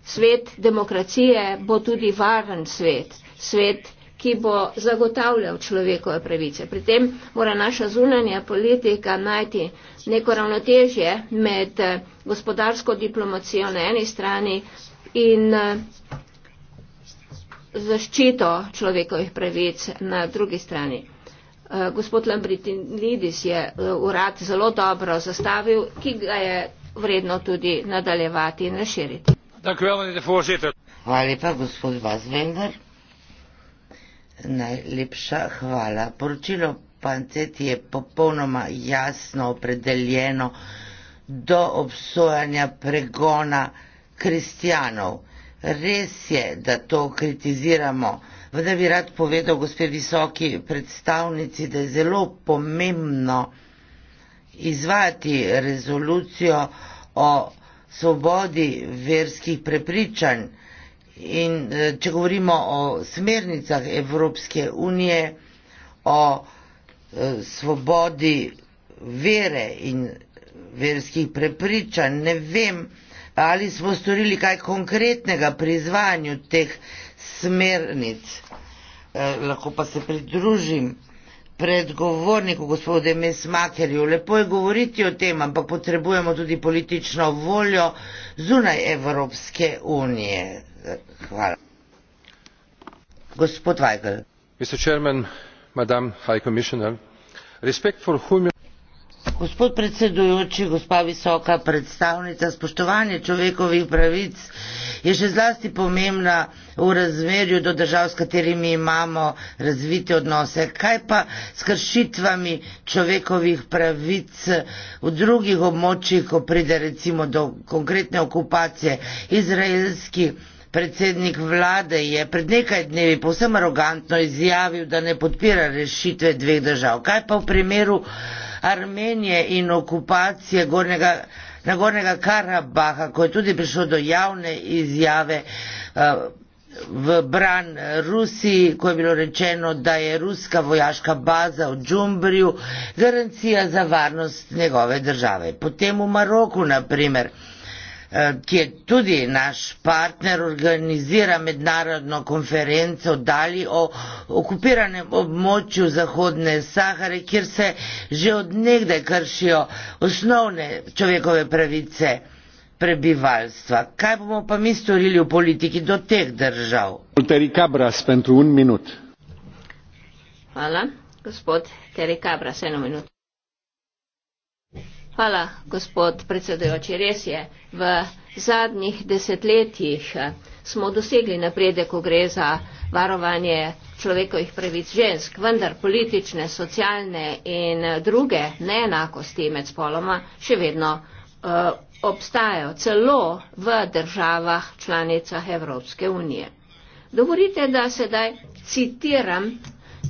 svet demokracije bo tudi varen svet. Svet ki bo zagotavljal človekove pravice. Pri tem mora naša zunanja politika najti neko ravnotežje med eh, gospodarsko diplomacijo na eni strani in eh, zaščito človekovih pravic na drugi strani. Eh, gospod Lambritinidis je urad zelo dobro zastavil, ki ga je vredno tudi nadaljevati in razširiti. Hvala lepa, gospod Vazvengar. Najlepša hvala. Poročilo Panceti je popolnoma jasno opredeljeno do obsojanja pregona kristijanov. Res je, da to kritiziramo. Vendar bi rad povedal, gospe visoki predstavnici, da je zelo pomembno izvati rezolucijo o svobodi verskih prepričanj. In e, če govorimo o smernicah Evropske unije, o e, svobodi vere in verskih prepričanj, ne vem, ali smo storili kaj konkretnega pri izvanju teh smernic. E, lahko pa se pridružim predgovorniku gospode Mesmakerju. Lepo je govoriti o tem, ampak potrebujemo tudi politično voljo zunaj Evropske unije hvala. gospod vajgl. mister chairman madam high commissioner respect for human. gospod predsedujoči gospa visoka predstavnica spoštovanje človekovih pravic je še zlasti pomembna v razmerju do držav, s katerimi imamo razvite odnose. Kaj pa s kršitvami človekovih pravic v drugih območjih, ko pride recimo do konkretne okupacije izraelskih Predsednik vlade je pred nekaj dnevi povsem arogantno izjavil, da ne podpira rešitve dveh držav. Kaj pa v primeru Armenije in okupacije Gornjega, Nagornjega Karabaha, ko je tudi prišlo do javne izjave eh, v bran Rusiji, ko je bilo rečeno, da je ruska vojaška baza v Džumbriju garancija za varnost njegove države. Potem v Maroku, na primer ki je tudi naš partner, organizira mednarodno konferenco Dali o okupiranem območju Zahodne Sahare, kjer se že odnegde kršijo osnovne človekove pravice prebivalstva. Kaj bomo pa mi storili v politiki do teh držav? Hvala. Gospod Terry Cabras, eno minuto. Hvala, gospod predsedujoči. Res je, v zadnjih desetletjih eh, smo dosegli napredek, ko gre za varovanje človekovih pravic žensk, vendar politične, socialne in eh, druge neenakosti med spoloma še vedno uh, obstajajo, celo v državah članicah Evropske unije. Dovolite, da sedaj citiram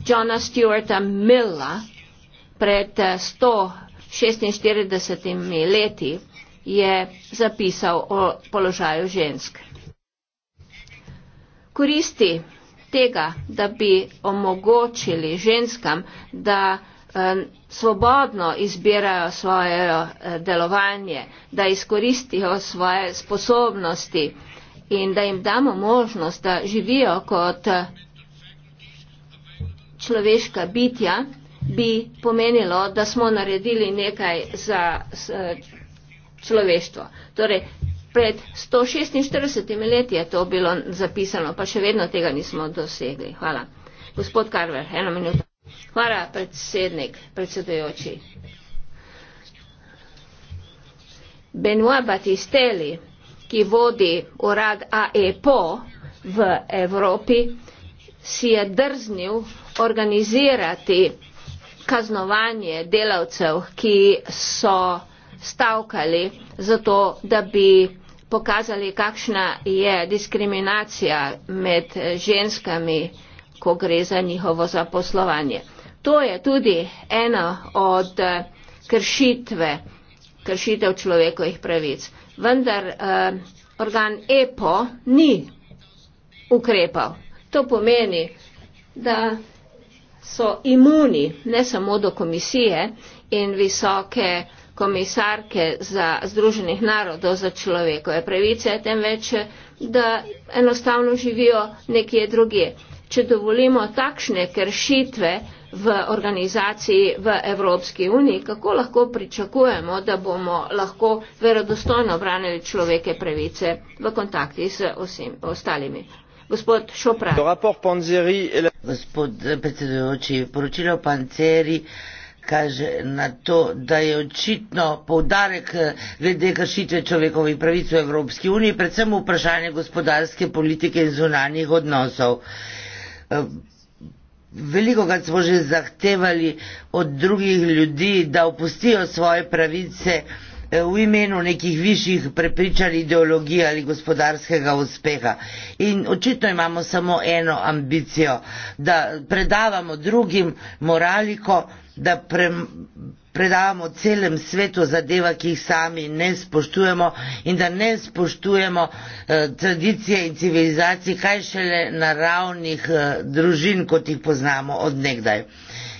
Johna Stuarta Milla pred 100 46 leti je zapisal o položaju žensk. Koristi tega, da bi omogočili ženskam, da eh, svobodno izbirajo svoje eh, delovanje, da izkoristijo svoje sposobnosti in da jim damo možnost, da živijo kot eh, človeška bitja, bi pomenilo, da smo naredili nekaj za človeštvo. Torej, pred 146 leti je to bilo zapisano, pa še vedno tega nismo dosegli. Hvala. Gospod Karver, eno minuto. Hvala, predsednik, predsedujoči. Benoit Batisteli, ki vodi urad AEPO v Evropi, si je drznil organizirati kaznovanje delavcev, ki so stavkali zato, da bi pokazali, kakšna je diskriminacija med ženskami, ko gre za njihovo zaposlovanje. To je tudi ena od eh, kršitve, kršitev človekovih pravic. Vendar eh, organ EPO ni ukrepal. To pomeni, da so imuni ne samo do komisije in visoke komisarke za Združenih narodov za človekove pravice, temveč da enostavno živijo nekje druge. Če dovolimo takšne kršitve v organizaciji v Evropski uniji, kako lahko pričakujemo, da bomo lahko verodostojno branili človeke pravice v kontakti z vsemi ostalimi? Gospod predsedujoči, poročilo Panceri kaže na to, da je očitno povdarek eh, glede kršitve človekovih pravic v Evropski uniji, predvsem vprašanje gospodarske politike in zunanjih odnosov. Eh, veliko krat smo že zahtevali od drugih ljudi, da opustijo svoje pravice v imenu nekih višjih prepričanj ideologij ali gospodarskega uspeha. In očitno imamo samo eno ambicijo, da predavamo drugim moraliko, da pre, predavamo celem svetu zadeva, ki jih sami ne spoštujemo in da ne spoštujemo eh, tradicije in civilizacije, kaj šele naravnih eh, družin, kot jih poznamo odnegdaj.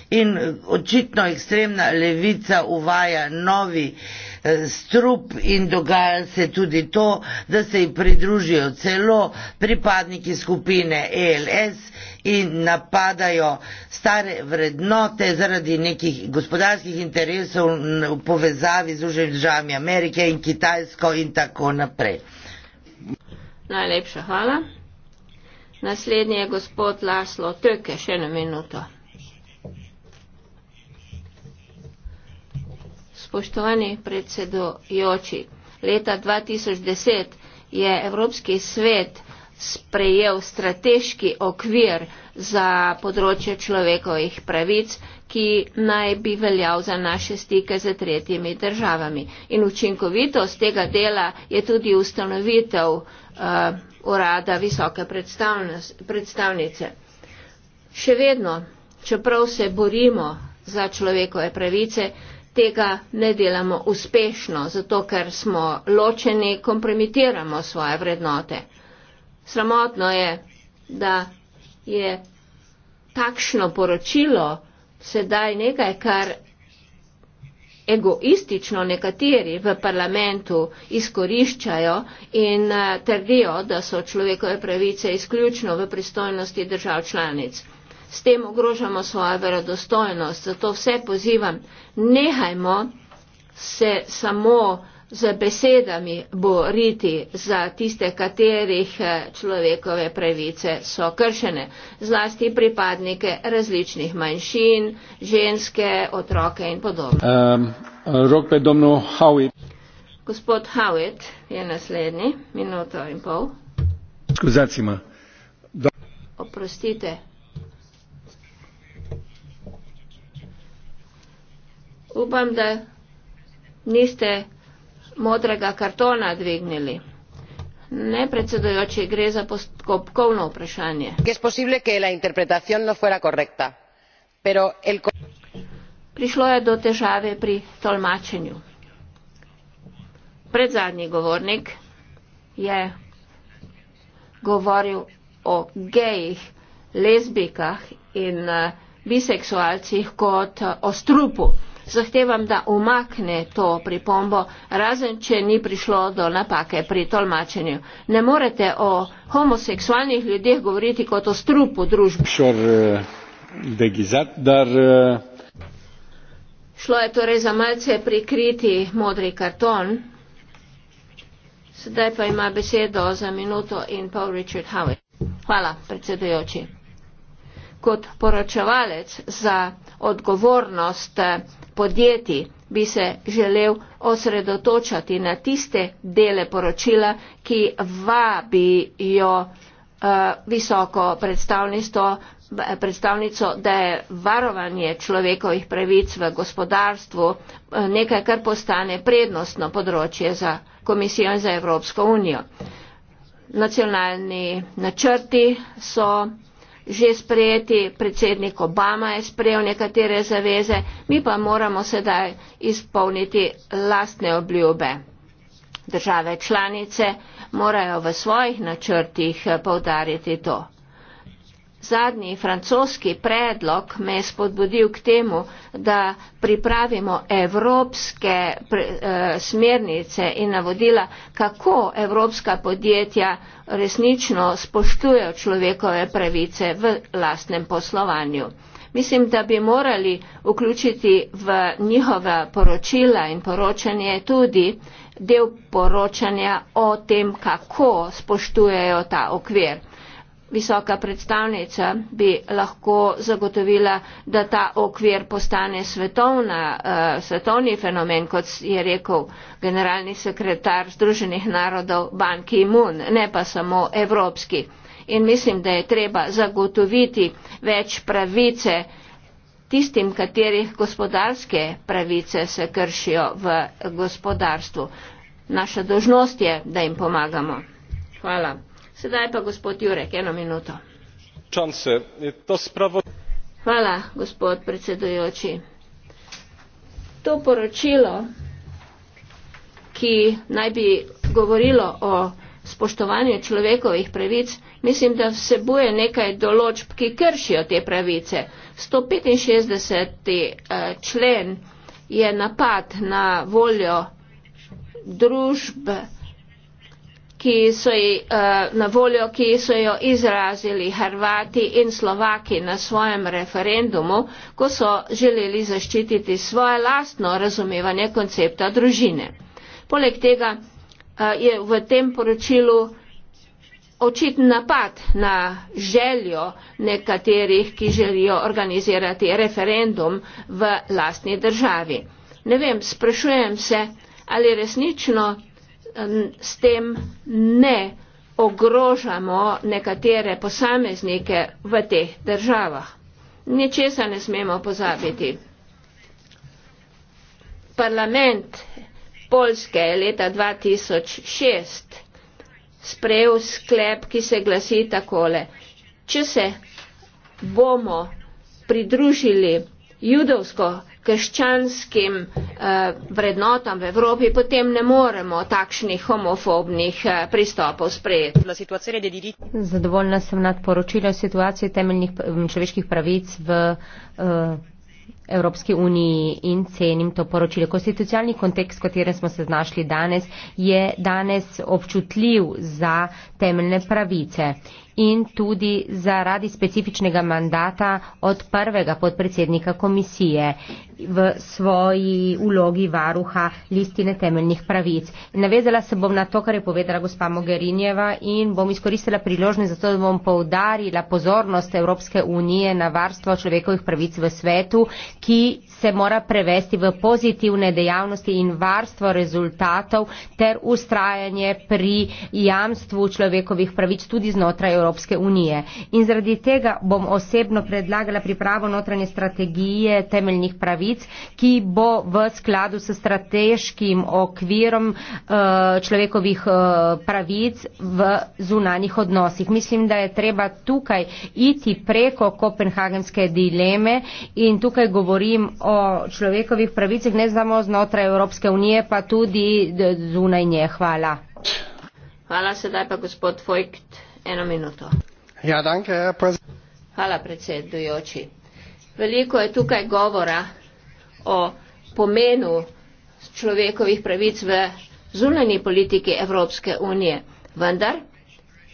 In eh, očitno ekstremna levica uvaja novi eh, strup in dogaja se tudi to, da se ji pridružijo celo pripadniki skupine ELS in napadajo stare vrednote zaradi nekih gospodarskih interesov v povezavi z Združenimi državami Amerike in Kitajsko in tako naprej. Najlepša hvala. Naslednji je gospod Laslo Tökeš, eno minuto. Spoštovani predsedujoči, leta 2010 je Evropski svet sprejel strateški okvir za področje človekovih pravic, ki naj bi veljal za naše stike z tretjimi državami. In učinkovitost tega dela je tudi ustanovitev uh, urada visoke predstavnice. Še vedno, čeprav se borimo za človekove pravice, tega ne delamo uspešno, zato ker smo ločeni, kompromitiramo svoje vrednote. Sramotno je, da je takšno poročilo sedaj nekaj, kar egoistično nekateri v parlamentu izkoriščajo in eh, trdijo, da so človekove pravice izključno v pristojnosti držav članic s tem ogrožamo svojo verodostojnost. Zato vse pozivam, nehajmo se samo z besedami boriti za tiste, katerih eh, človekove pravice so kršene, zlasti pripadnike različnih manjšin, ženske, otroke in podobno. Um, Rokpe, domno Howitt. Gospod Howitt je naslednji, minuto in pol. Oprostite, Upam, da niste modrega kartona dvignili. Ne, predsedujoči, gre za postopkovno vprašanje. No Prišlo je do težave pri tolmačenju. Predzadnji govornik je govoril o gejih, lezbikah in eh, biseksualcih kot eh, o strupu zahtevam, da umakne to pripombo, razen če ni prišlo do napake pri tolmačenju. Ne morete o homoseksualnih ljudeh govoriti kot o strupu družbe. Eh, eh, Šlo je torej za malce prikriti modri karton. Sedaj pa ima besedo za minuto in pol Richard Howard. Hvala, predsedujoči kot poročevalec za odgovornost eh, podjetij bi se želel osredotočati na tiste dele poročila, ki vabijo eh, visoko predstavnico, predstavnico, da je varovanje človekovih pravic v gospodarstvu eh, nekaj, kar postane prednostno področje za Komisijo in za Evropsko unijo. Nacionalni načrti so že sprejeti, predsednik Obama je sprejel nekatere zaveze, mi pa moramo sedaj izpolniti lastne obljube. Države članice morajo v svojih načrtih eh, povdariti to zadnji francoski predlog me je spodbudil k temu, da pripravimo evropske eh, smernice in navodila, kako evropska podjetja resnično spoštujejo človekove pravice v lastnem poslovanju. Mislim, da bi morali vključiti v njihova poročila in poročanje tudi del poročanja o tem, kako spoštujejo ta okvir visoka predstavnica bi lahko zagotovila, da ta okvir postane svetovna, uh, svetovni fenomen, kot je rekel generalni sekretar Združenih narodov Banki Imun, ne pa samo evropski. In mislim, da je treba zagotoviti več pravice tistim, katerih gospodarske pravice se kršijo v gospodarstvu. Naša dožnost je, da jim pomagamo. Hvala. Sedaj pa gospod Jurek, eno minuto. Čance, spravo... Hvala, gospod predsedujoči. To poročilo, ki naj bi govorilo o spoštovanju človekovih pravic, mislim, da vsebuje nekaj določb, ki kršijo te pravice. 165. Eh, člen je napad na voljo družbe ki so ji uh, na voljo, ki so jo izrazili Hrvati in Slovaki na svojem referendumu, ko so želeli zaščititi svoje lastno razumevanje koncepta družine. Poleg tega uh, je v tem poročilu očitni napad na željo nekaterih, ki želijo organizirati referendum v lastni državi. Ne vem, sprašujem se, ali resnično s tem ne ogrožamo nekatere posameznike v teh državah. Ničesa ne smemo pozabiti. Parlament Polske je leta 2006 sprejel sklep, ki se glasi takole. Če se bomo pridružili judovsko krščanskim eh, vrednotam v Evropi, potem ne moremo takšnih homofobnih eh, pristopov sprejeti. Zadovoljna sem nad poročilo situacije temeljnih mm, človeških pravic v. Eh, Evropski uniji in cenim to poročilo. Konstitucionalni kontekst, v katerem smo se znašli danes, je danes občutljiv za temeljne pravice in tudi zaradi specifičnega mandata od prvega podpredsednika komisije v svoji ulogi varuha listine temeljnih pravic. Navezala se bom na to, kar je povedala gospa Mogherinjeva in bom izkoristila priložnost za to, da bom poudarila pozornost Evropske unije na varstvo človekovih pravic v svetu, ki se mora prevesti v pozitivne dejavnosti in varstvo rezultatov ter ustrajanje pri jamstvu človekovih pravic tudi znotraj Evropske unije. Evropske unije. In zaradi tega bom osebno predlagala pripravo notranje strategije temeljnih pravic, ki bo v skladu s strateškim okvirom eh, človekovih eh, pravic v zunanih odnosih. Mislim, da je treba tukaj iti preko kopenhagenske dileme in tukaj govorim o človekovih pravicah ne samo znotraj Evropske unije, pa tudi zunaj nje. Hvala. Hvala sedaj pa gospod Fojkt. Ja, Veliko je tukaj govora o pomenu človekovih pravic v zunanji politiki Evropske unije, vendar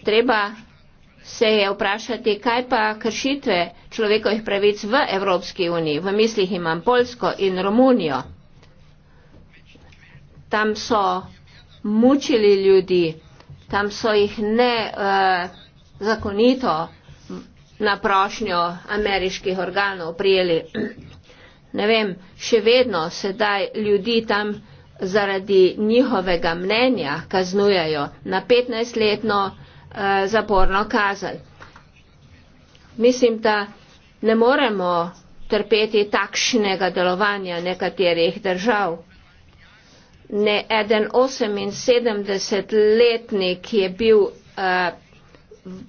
treba se je vprašati, kaj pa kršitve človekovih pravic v Evropski uniji. V mislih imam Polsko in Romunijo. Tam so mučili ljudi, tam so jih ne uh, zakonito na prošnjo ameriških organov prijeli. Ne vem, še vedno sedaj ljudi tam zaradi njihovega mnenja kaznujejo na 15-letno uh, eh, zaporno kazen. Mislim, da ne moremo trpeti takšnega delovanja nekaterih držav ne eden 78-letnik, ki je bil uh,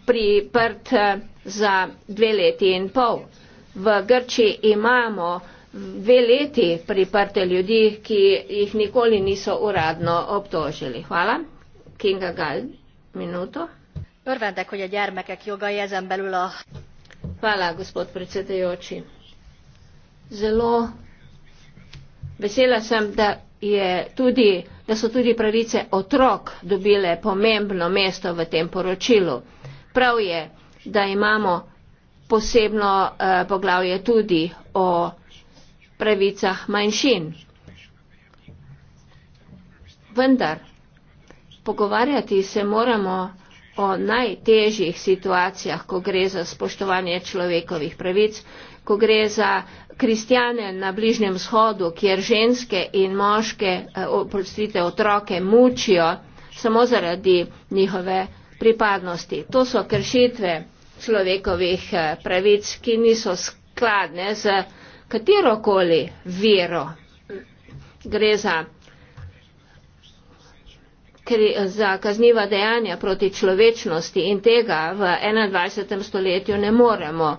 priprt uh, za dve leti in pol. V Grčiji imamo dve leti priprte ljudi, ki jih nikoli niso uradno obtožili. Hvala. Kinga Gal, minuto. Örvendek, hogy a gyermekek jogai ezen belül a... Hvala, gospod predsedajoči. Zelo vesela sem, da tudi, da so tudi pravice otrok dobile pomembno mesto v tem poročilu. Prav je, da imamo posebno eh, poglavje tudi o pravicah manjšin. Vendar, pogovarjati se moramo o najtežjih situacijah, ko gre za spoštovanje človekovih pravic, ko gre za kristjane na Bližnjem shodu, kjer ženske in moške, eh, oprostite, otroke mučijo samo zaradi njihove pripadnosti. To so kršitve človekovih eh, pravic, ki niso skladne z katerokoli vero. Gre za, za kazniva dejanja proti človečnosti in tega v 21. stoletju ne moremo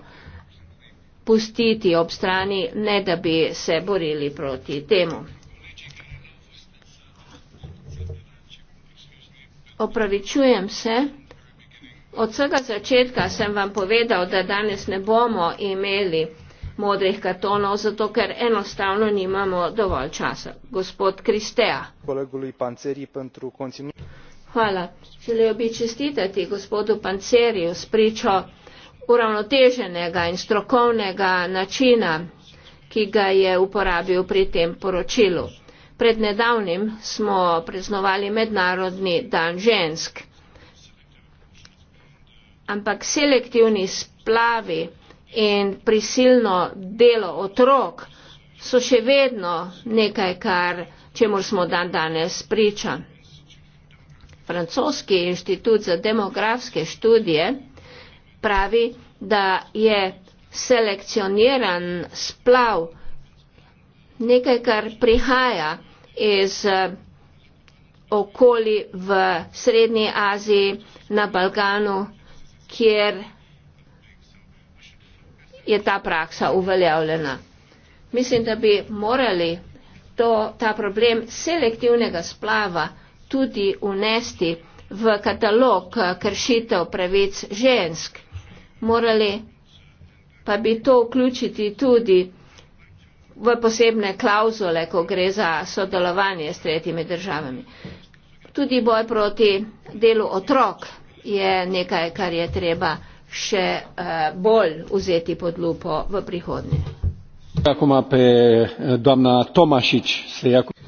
pustiti ob strani, ne da bi se borili proti temu. Opravičujem se. Od vsega začetka sem vam povedal, da danes ne bomo imeli modrih kartonov, zato ker enostavno nimamo dovolj časa. Gospod Kristea. Hvala. Želel bi čestitati gospodu Pancerju s pričo uravnoteženega in strokovnega načina, ki ga je uporabil pri tem poročilu. Pred nedavnim smo preznovali mednarodni dan žensk. Ampak selektivni splavi in prisilno delo otrok so še vedno nekaj, kar čemu smo dan danes priča. Francoski inštitut za demografske študije pravi, da je selekcioniran splav nekaj, kar prihaja iz eh, okoli v Srednji Aziji, na Balkanu, kjer je ta praksa uveljavljena. Mislim, da bi morali to, ta problem selektivnega splava tudi unesti v katalog eh, kršitev pravic žensk morali pa bi to vključiti tudi v posebne klauzule, ko gre za sodelovanje s tretjimi državami. Tudi boj proti delu otrok je nekaj, kar je treba še eh, bolj vzeti pod lupo v prihodnje. Eh,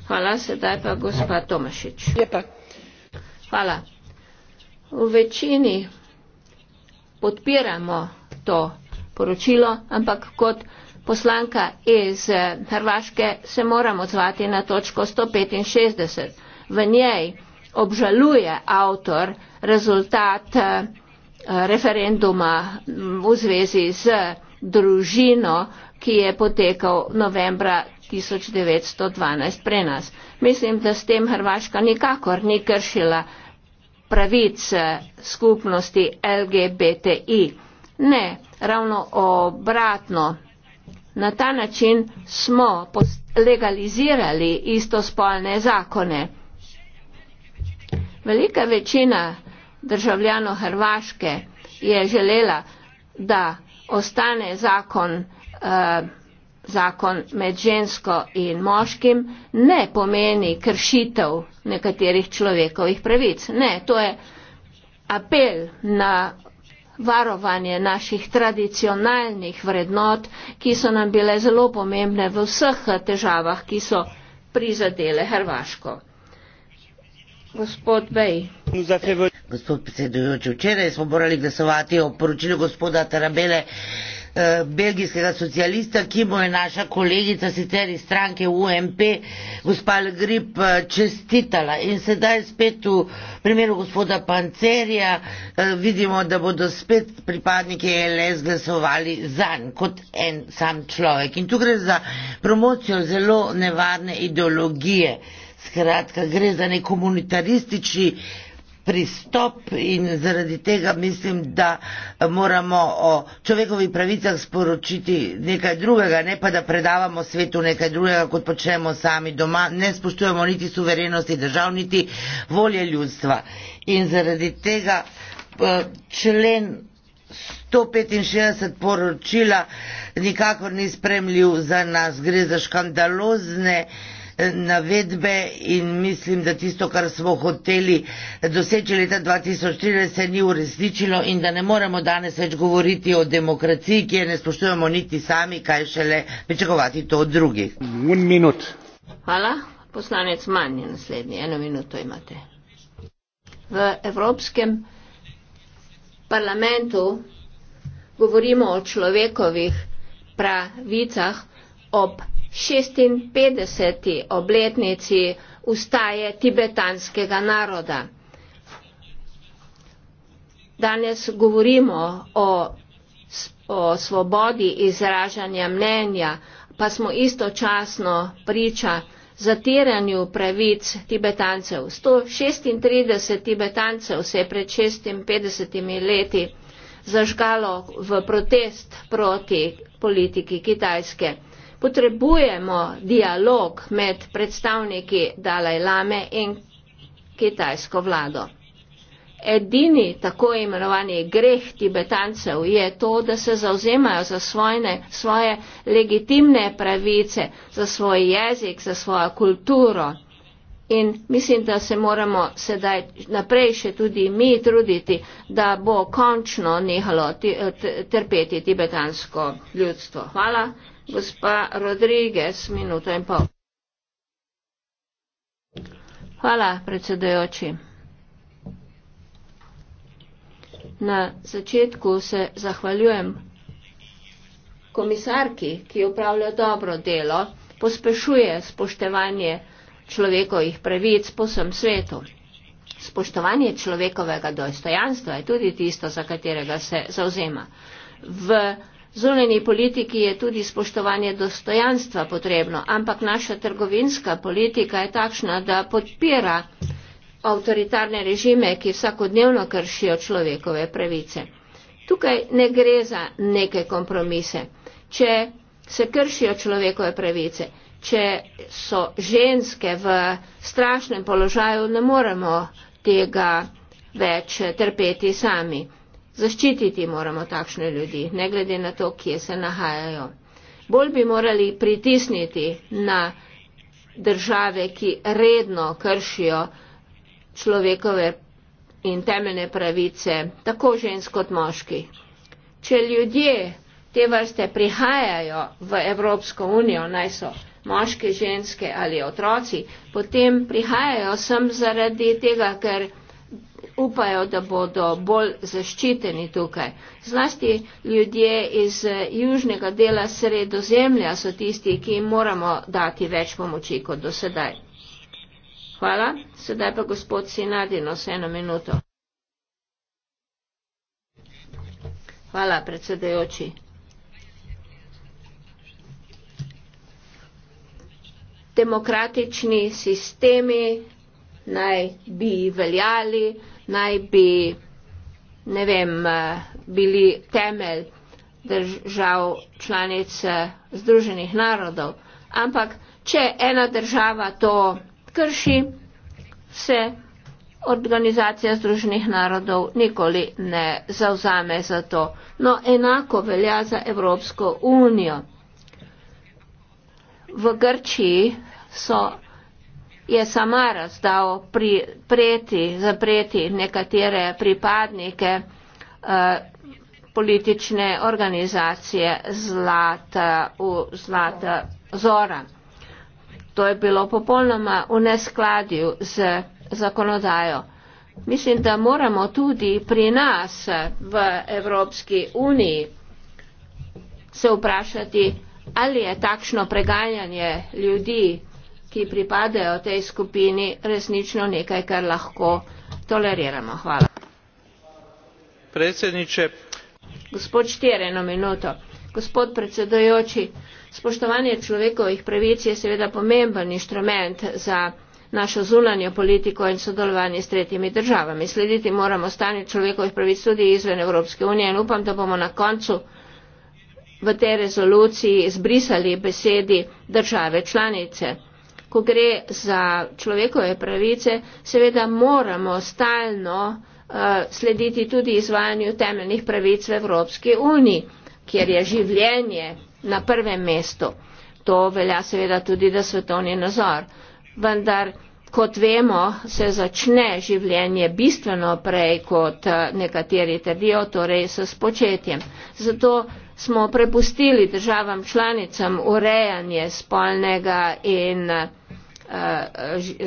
Hvala, sedaj pa gospa Tomašič. Hvala. V večini podpiramo to poročilo, ampak kot poslanka iz eh, Hrvaške se moram odzvati na točko 165. V njej obžaluje avtor rezultat eh, referenduma mm, v zvezi z družino, ki je potekal novembra 1912 pre nas. Mislim, da s tem Hrvaška nikakor ni kršila pravic skupnosti LGBTI. Ne, ravno obratno. Na ta način smo legalizirali istospolne zakone. Velika večina državljanov Hrvaške je želela, da ostane zakon uh, zakon med žensko in moškim ne pomeni kršitev nekaterih človekovih pravic. Ne, to je apel na varovanje naših tradicionalnih vrednot, ki so nam bile zelo pomembne v vseh težavah, ki so prizadele Hrvaško. Gospod Bej. Gospod predsedujoči, včeraj smo morali glasovati o poročilu gospoda Tarabele. Eh, belgijskega socialista, ki mu je naša kolegica sicer iz stranke UMP, gospa Legrip, eh, čestitala. In sedaj spet v primeru gospoda Pancerja eh, vidimo, da bodo spet pripadniki LS glasovali za njim kot en sam človek. In tu gre za promocijo zelo nevarne ideologije. Skratka, gre za nek komunitaristični pristop in zaradi tega mislim, da moramo o človekovih pravicah sporočiti nekaj drugega, ne pa da predavamo svetu nekaj drugega, kot počnemo sami doma, ne spoštujemo niti suverenosti držav, niti volje ljudstva. In zaradi tega eh, člen 165 poročila nikakor ni spremljiv za nas, gre za škandalozne uh, navedbe in mislim, da tisto, kar smo hoteli doseči leta 2030, se ni uresničilo in da ne moremo danes več govoriti o demokraciji, ki je ne spoštujemo niti sami, kaj šele pričakovati to od drugih. Hvala. Poslanec manj je naslednji. Eno minuto imate. V Evropskem parlamentu govorimo o človekovih pravicah ob 56. obletnici ustaje tibetanskega naroda. Danes govorimo o, o svobodi izražanja mnenja, pa smo istočasno priča zatiranju pravic tibetancev. 136 tibetancev se je pred 56 leti zažgalo v protest proti politiki Kitajske. Potrebujemo dialog med predstavniki Dalaj Lame in kitajsko vlado. Edini tako imenovani greh tibetancev je to, da se zauzemajo za svojne, svoje legitimne pravice, za svoj jezik, za svojo kulturo. In mislim, da se moramo sedaj naprej še tudi mi truditi, da bo končno nehalo trpeti tibetansko ljudstvo. Hvala. Gospa Rodriguez, minuto in pol. Hvala, predsedajoči. Na začetku se zahvaljujem komisarki, ki upravlja dobro delo, pospešuje spoštovanje človekovih pravic po vsem svetu. Spoštovanje človekovega dostojanstva je tudi tisto, za katerega se zauzema. V Zunanji politiki je tudi spoštovanje dostojanstva potrebno, ampak naša trgovinska politika je takšna, da podpira avtoritarne režime, ki vsakodnevno kršijo človekove pravice. Tukaj ne gre za neke kompromise. Če se kršijo človekove pravice, če so ženske v strašnem položaju, ne moremo tega več trpeti sami. Zaščititi moramo takšne ljudi, ne glede na to, kje se nahajajo. Bolj bi morali pritisniti na države, ki redno kršijo človekove in temeljne pravice, tako žensk kot moški. Če ljudje te vrste prihajajo v Evropsko unijo, naj so moške, ženske ali otroci, potem prihajajo sem zaradi tega, ker upajo, da bodo bolj zaščiteni tukaj. Zlasti ljudje iz eh, južnega dela sredozemlja so tisti, ki jim moramo dati več pomoči kot do sedaj. Hvala. Sedaj pa gospod Sinadino, s eno minuto. Hvala, predsedajoči. Demokratični sistemi naj bi veljali, naj bi, ne vem, bili temelj držav članic eh, Združenih narodov. Ampak, če ena država to krši, se organizacija Združenih narodov nikoli ne zauzame za to. No, enako velja za Evropsko unijo. V Grčiji so je Samaras dal pri, preti, zapreti nekatere pripadnike uh, politične organizacije Zlata, v Zlata Zora. To je bilo popolnoma v neskladju z zakonodajo. Mislim, da moramo tudi pri nas v Evropski uniji se vprašati, ali je takšno preganjanje ljudi, ki pripadajo tej skupini, resnično nekaj, kar lahko toleriramo. Hvala. Predsedniče. Gospod Štir, eno minuto. Gospod predsedujoči, spoštovanje človekovih pravic je seveda pomemben inštrument za našo zunanjo politiko in sodelovanje s tretjimi državami. Slediti moramo stanje človekovih pravic tudi izven Evropske unije in upam, da bomo na koncu v tej rezoluciji izbrisali besedi države članice ko gre za človekove pravice, seveda moramo stalno uh, slediti tudi izvajanju temeljnih pravic v Evropski uniji, kjer je življenje na prvem mestu. To velja seveda tudi za svetovni nazor. Vendar, kot vemo, se začne življenje bistveno prej, kot eh, nekateri trdijo, torej s spočetjem. Zato smo prepustili državam članicam urejanje spolnega in Eh,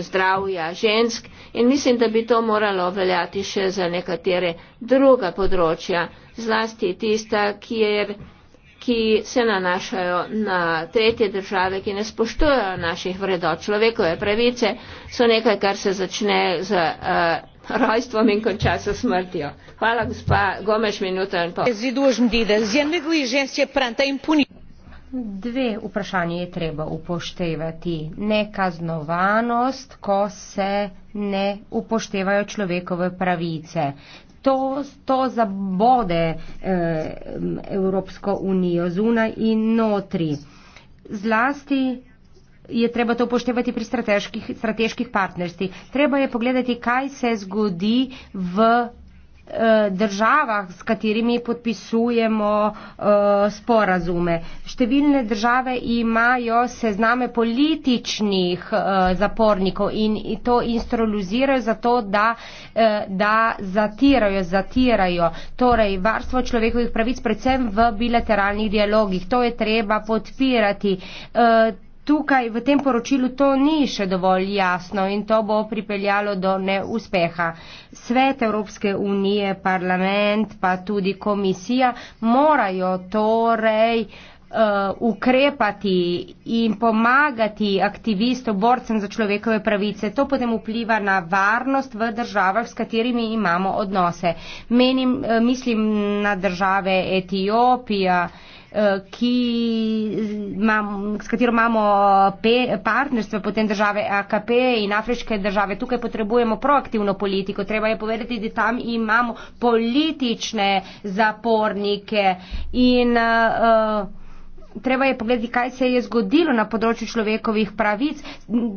zdravja žensk in mislim, da bi to moralo veljati še za nekatere druga področja, zlasti tista, kjer, ki se nanašajo na tretje države, ki ne spoštujejo naših vredov. Človekove pravice so nekaj, kar se začne z uh, rojstvom in konča s smrtjo. Hvala, gospa Gomeš, minuto in pol dve vprašanje je treba upoštevati. Nekaznovanost, ko se ne upoštevajo človekove pravice. To, to zabode eh, Evropsko unijo zunaj in notri. Zlasti je treba to upoštevati pri strateških, strateških partnerstvih. Treba je pogledati, kaj se zgodi v Eh, državah, s katerimi podpisujemo eh, sporazume. Številne države imajo sezname političnih eh, zapornikov in to instrumentalizirajo zato, da, da zatirajo, zatirajo. Torej, varstvo človekovih pravic predvsem v bilateralnih dialogih. To je treba podpirati tukaj v tem poročilu to ni še dovolj jasno in to bo pripeljalo do neuspeha. Svet Evropske unije, parlament pa tudi komisija morajo torej eh, ukrepati in pomagati aktivistom, borcem za človekove pravice. To potem vpliva na varnost v državah, s katerimi imamo odnose. Menim, eh, mislim na države Etiopija, Eh, ki, imam, s katero imamo pe, partnerstvo, potem države AKP in afriške države. Tukaj potrebujemo proaktivno politiko. Treba je povedati, da tam imamo politične zapornike. In, uh, Treba je pogledati, kaj se je zgodilo na področju človekovih pravic,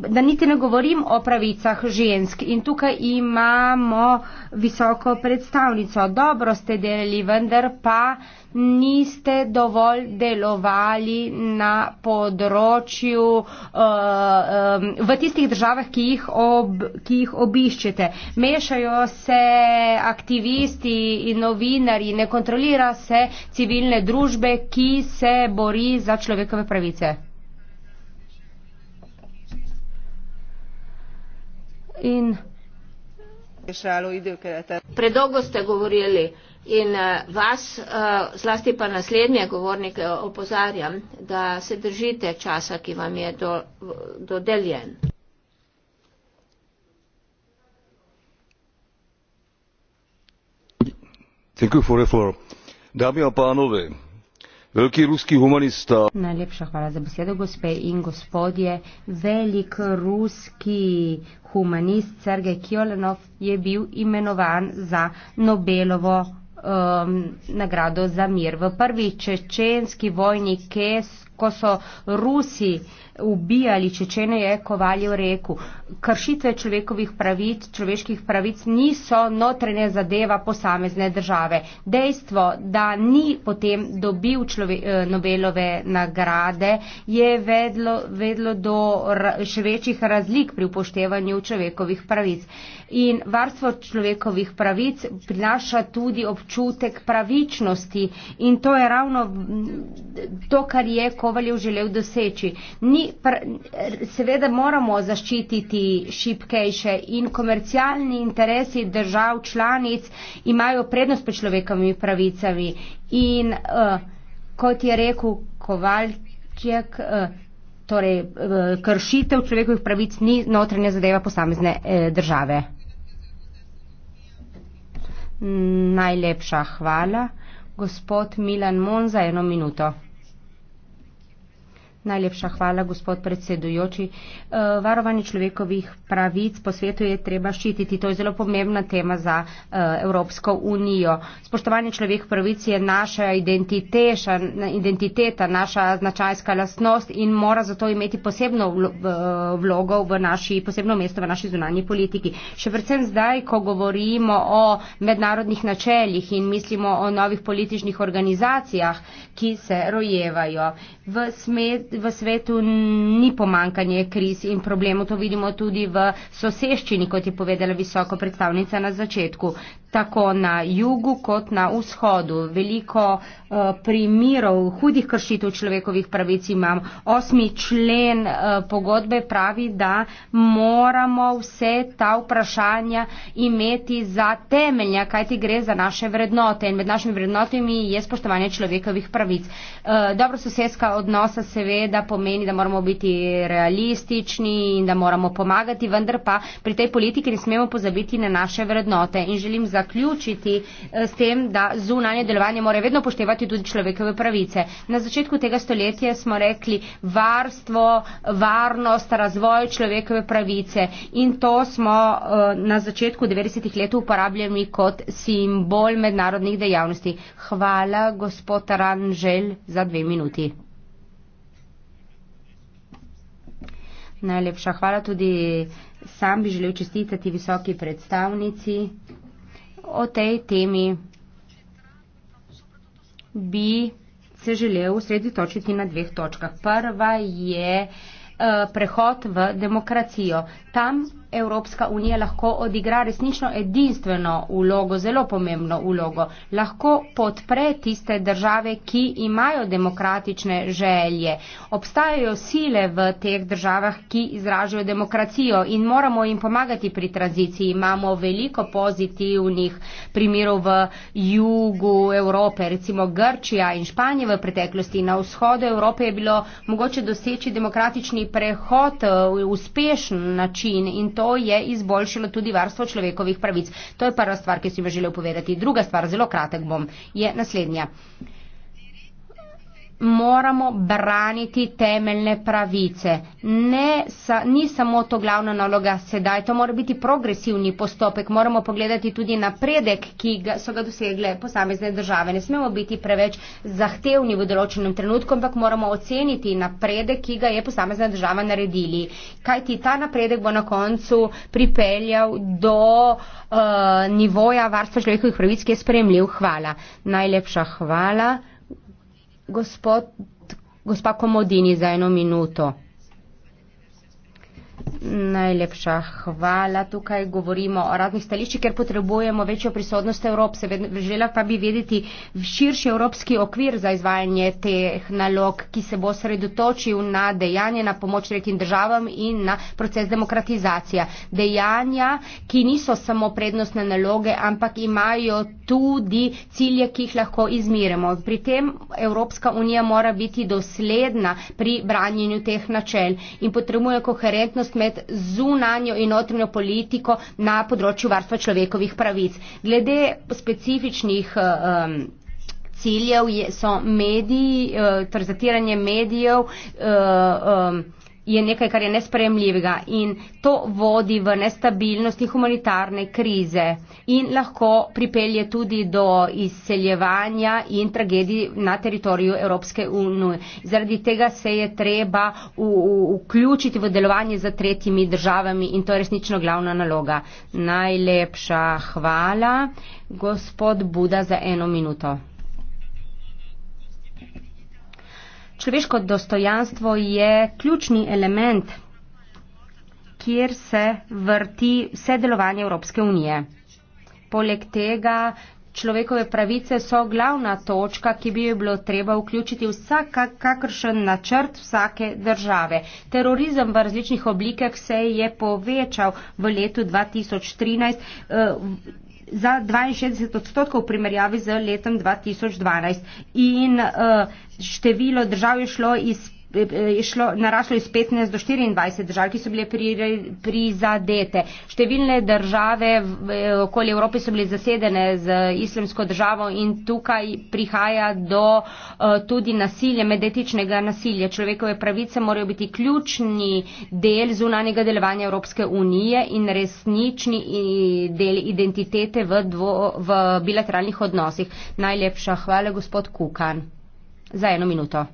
da niti ne govorim o pravicah žensk. In tukaj imamo visoko predstavnico. Dobro ste delali, vendar pa uh, niste dovolj delovali na področju uh, um, v tistih državah, ki jih, ob, ki jih obiščete. Mešajo se aktivisti in novinari, ne kontrolira se civilne družbe, ki se bori za človekove pravice. In... Predolgo ste govorili. In eh, vas, eh, zlasti pa naslednje govornike, opozarjam, da se držite časa, ki vam je do, dodeljen. Veliki ruski humanista. Najlepša hvala za besedo, gospe in gospodje. Velik ruski humanist Sergej Kjolenov je bil imenovan za Nobelovo um, nagrado za mir. V prvi čečenski vojni, kes, ko so Rusi uh, ubijali Čečene je Kovaljev rekel. Kršitve človekovih pravic, človeških pravic niso notrene zadeva posamezne države. Dejstvo, da ni potem dobil člove, eh, Nobelove nagrade, je vedlo, vedlo do še večjih razlik pri upoštevanju človekovih pravic. In varstvo človekovih pravic prinaša tudi občutek pravičnosti in to je ravno to, kar je Kovaljev želel doseči. Ni pr, seveda moramo zaščititi šipkejše in komercialni interesi držav članic imajo prednost pred človekovimi pravicami. In uh, kot je rekel Kovalček, uh, eh, torej uh, kršitev človekovih pravic ni notranja zadeva posamezne uh, države. Najlepša hvala. Gospod Milan Monza, eno minuto. Najlepša hvala, gospod predsedujoči. Eh, varovanje človekovih pravic po svetu je treba ščititi. To je zelo pomembna tema za eh, Evropsko unijo. Spoštovanje človekovih pravic je naša identiteta, naša značajska lasnost in mora zato imeti posebno vlogo v naši, posebno mesto v naši zunanji politiki. Še predvsem zdaj, ko govorimo o mednarodnih načeljih in mislimo o novih političnih organizacijah, ki se rojevajo v smet v svetu ni pomankanje kriz in problemov. To vidimo tudi v soseščini, kot je povedala visoko predstavnica na začetku tako na jugu kot na vzhodu. Veliko uh, eh, primirov hudih kršitev človekovih pravic imam. Osmi člen uh, pogodbe pravi, da moramo vse ta vprašanja imeti za temelja, kaj ti gre za naše vrednote. In med našimi vrednotami je spoštovanje človekovih pravic. Uh, dobro sosedska odnosa seveda pomeni, da moramo biti realistični in da moramo pomagati, vendar pa pri tej politiki ne smemo pozabiti na naše vrednote. In želim za zaključiti eh, s tem, da zunanje delovanje mora vedno poštevati tudi človekove pravice. Na začetku tega stoletja smo rekli varstvo, varnost, razvoj človekove pravice in to smo eh, na začetku 90-ih let uporabljali kot simbol mednarodnih dejavnosti. Hvala, gospod Ranžel, za dve minuti. Najlepša hvala tudi sam bi želel čestitati visoki predstavnici o tej temi bi se želel osredotočiti na dveh točkah. Prva je eh, prehod v demokracijo. Tam Evropska unija lahko odigra resnično edinstveno vlogo, zelo pomembno vlogo. Lahko podpre tiste države, ki imajo demokratične želje. Obstajajo sile v teh državah, ki izražajo demokracijo in moramo jim pomagati pri tranziciji. Imamo veliko pozitivnih primerov v jugu Evrope, recimo Grčija in Španija v preteklosti. Na vzhodu Evrope je bilo mogoče doseči demokratični prehod, uh, uspešen način in to to je izboljšalo tudi varstvo človekovih pravic. To je prva stvar, ki sem jo želel povedati. Druga stvar, zelo kratek bom, je naslednja moramo braniti temeljne pravice. Ne, sa, ni samo to glavna naloga sedaj, to mora biti progresivni postopek, moramo pogledati tudi napredek, ki ga, so ga dosegle posamezne države. Ne smemo biti preveč zahtevni v določenem trenutku, ampak moramo oceniti napredek, ki ga je posamezna država naredili. Kaj ti ta napredek bo na koncu pripeljal do uh, nivoja varstva človekovih pravic, ki je spremljiv? Hvala. Najlepša hvala gospod, gospa Komodini za eno minuto. Najlepša hvala. Tukaj govorimo o raznih stališčih, ker potrebujemo večjo prisotnost Evrope. Želela pa bi vedeti širši evropski okvir za izvajanje teh nalog, ki se bo sredotočil na dejanje, na pomoč tretjim državam in na proces demokratizacije. Dejanja, ki niso samo prednostne naloge, ampak imajo tudi cilje, ki jih lahko izmiremo. Pri tem Evropska unija mora biti dosledna pri branjenju teh načel in potrebuje koherentnost vezanost med zunanjo in notranjo politiko na področju varstva človekovih pravic. Glede specifičnih um, ciljev je, so mediji, uh, eh, ter torej zatiranje medijev. Uh, um, je nekaj, kar je nespremljivega in to vodi v nestabilnost in humanitarne krize in lahko pripelje tudi do izseljevanja in tragedij na teritoriju Evropske unije. Zaradi tega se je treba v, v, vključiti v delovanje za tretjimi državami in to je resnično glavna naloga. Najlepša hvala, gospod Buda, za eno minuto. Človeško dostojanstvo je ključni element, kjer se vrti vse delovanje Evropske unije. Poleg tega človekove pravice so glavna točka, ki bi jo bilo treba vključiti vsak, kakršen načrt vsake države. Terorizem v različnih oblikah se je povečal v letu 2013 za 62 odstotkov v primerjavi z letom 2012. In uh, število držav je šlo iz Eh, je šlo, naraslo iz 15 do 24 držav, ki so bile prizadete. Pri Številne države eh, okoli Evrope so bile zasedene z islamsko državo in tukaj prihaja do eh, tudi nasilja, medetičnega nasilja. Človekove pravice morajo biti ključni del zunanjega delovanja Evropske unije in resnični del identitete v, dvo, v bilateralnih odnosih. Najlepša hvala, gospod Kukan. Za eno minuto.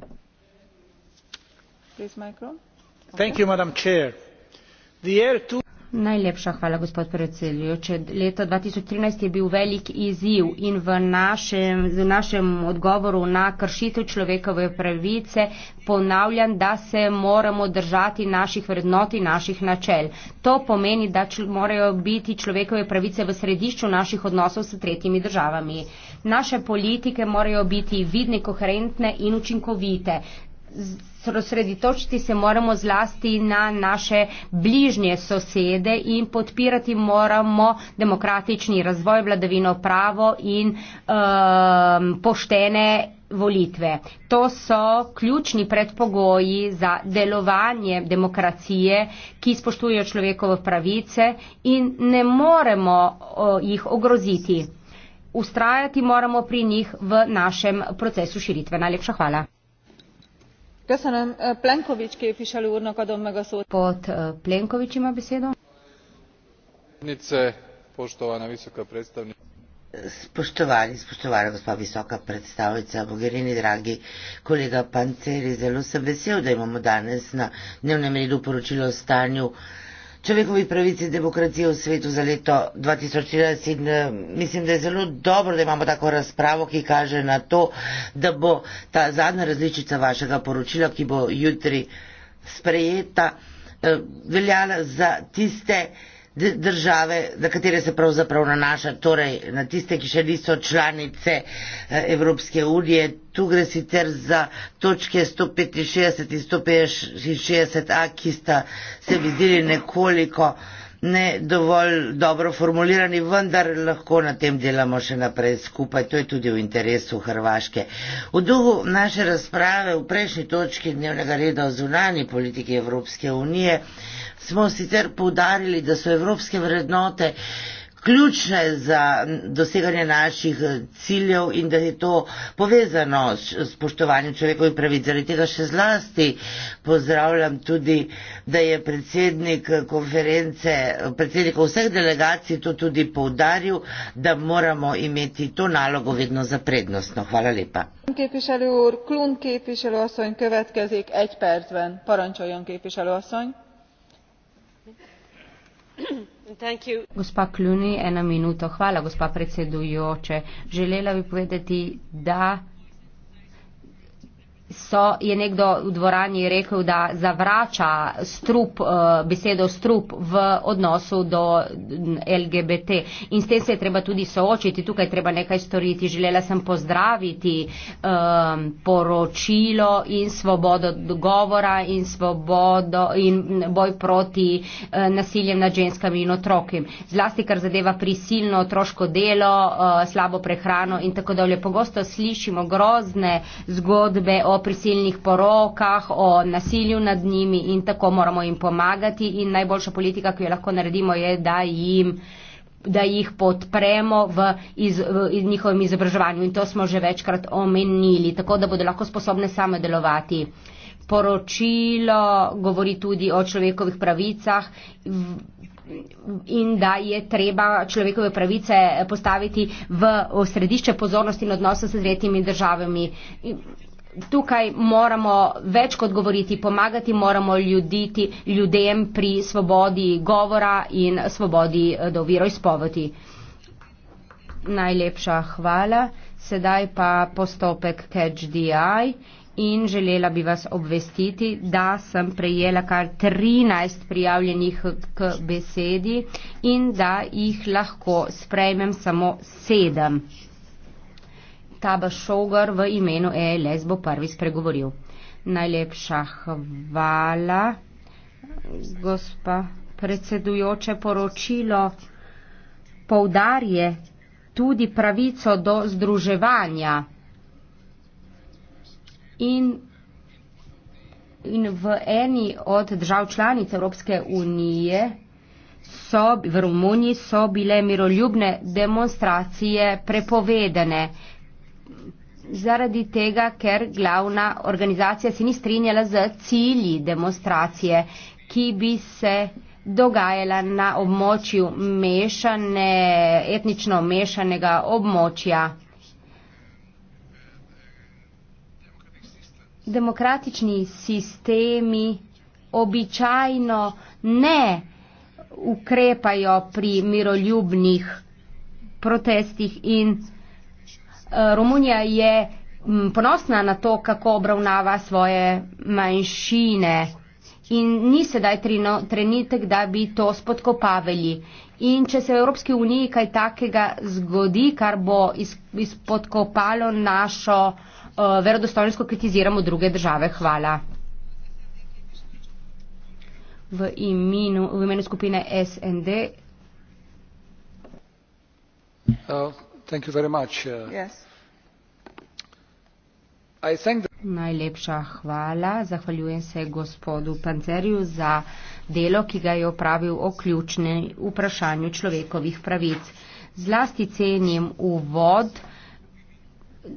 Najlepša hvala, gospod predsedujoč. Leto 2013 je bil velik izziv in v našem, v našem odgovoru na kršitev človekove pravice ponavljam, da se moramo držati naših vrednot in naših načel. To pomeni, da čl morajo biti človekove pravice v središču naših odnosov s tretjimi državami. Naše politike morajo biti vidne, koherentne in učinkovite. Z sredotočiti se moramo zlasti na naše bližnje sosede in podpirati moramo demokratični razvoj, vladavino pravo in um, poštene volitve. To so ključni predpogoji za delovanje demokracije, ki spoštujejo človekove pravice in ne moremo uh, jih ogroziti. Ustrajati moramo pri njih v našem procesu širitve. Najlepša hvala spoštovani spoštovana gospa visoka predstavnica mogherini dragi kolega panzeri zelo sem vesel da imamo danes na dnevnem redu poročilo o stanju človekovi pravici demokracije v svetu za leto 2020 in eh, mislim, da je zelo dobro, da imamo tako razpravo, ki kaže na to, da bo ta zadnja različica vašega poročila, ki bo jutri sprejeta, eh, veljala za tiste, države, na katere se pravzaprav nanaša, torej na tiste, ki še niso članice eh, Evropske unije. Tu gre sicer za točke 165 in 165a, ki sta se vizili nekoliko ne dovolj dobro formulirani, vendar lahko na tem delamo še naprej skupaj. To je tudi v interesu Hrvaške. V duhu naše razprave v prejšnji točki dnevnega reda o zunani politiki Evropske unije smo sicer poudarili, da so evropske vrednote ključne za doseganje naših eh, ciljev in da je to povezano s spoštovanjem človekovih pravic. Zaradi tega še zlasti pozdravljam tudi, da je predsednik eh, konference, eh, predsednik vseh delegacij to tudi poudaril, da moramo imeti to nalogo vedno za prednostno. Hvala lepa. Thank you. Gospa Kljuni, ena minuta. Hvala, gospa predsedujoče. Želela bi povedati, da so, je nekdo v dvorani rekel, da zavrača strup, eh, besedo strup v odnosu do LGBT. In s tem se je treba tudi soočiti, tukaj treba nekaj storiti. Želela sem pozdraviti um, poročilo in svobodo govora in, svobodo in boj proti uh, nasiljem nad ženskami in otrokim. Zlasti, kar zadeva prisilno otroško delo, uh, slabo prehrano in tako dalje. Pogosto slišimo grozne zgodbe o prisilnih porokah, o nasilju nad njimi in tako moramo jim pomagati. In najboljša politika, ki jo lahko naredimo, je, da jim da jih podpremo v, iz, v njihovem izobraževanju. In to smo že večkrat omenili, tako da bodo lahko sposobne same delovati. Poročilo govori tudi o človekovih pravicah in da je treba človekove pravice postaviti v središče pozornosti in odnosa s tretjimi državami. In tukaj moramo več kot govoriti, pomagati moramo ljuditi, ljudem pri svobodi govora in svobodi eh, do viroizpovedi. Najlepša hvala. Sedaj pa postopek CatchDI in želela bi vas obvestiti, da sem prejela kar 13 prijavljenih k besedi in da jih lahko sprejmem samo 7. Saba Šogar v imenu ELS bo prvi spregovoril. Najlepša hvala, gospa predsedujoče poročilo. Povdar je tudi pravico do združevanja in, in v eni od držav članic Evropske unije so, v Romuniji so bile miroljubne demonstracije prepovedene zaradi tega, ker glavna organizacija se ni strinjala z cilji demonstracije, ki bi se dogajala na območju mešane, etnično mešanega območja. Demokratični sistemi običajno ne ukrepajo pri miroljubnih protestih in Eh, Romunija je mm, ponosna na to, kako obravnava svoje manjšine in ni sedaj trenutek, da bi to spodkopavili. In če se v Evropski uniji kaj takega zgodi, kar bo izpodkopalo našo uh, verodostojnost, ko kritiziramo druge države, hvala. V imenu, v imenu skupine SND. Uh, Najlepša hvala. Zahvaljujem se gospodu Panzerju za delo, ki ga je opravil o ključnem vprašanju človekovih pravic. Zlasti cenim uvod um,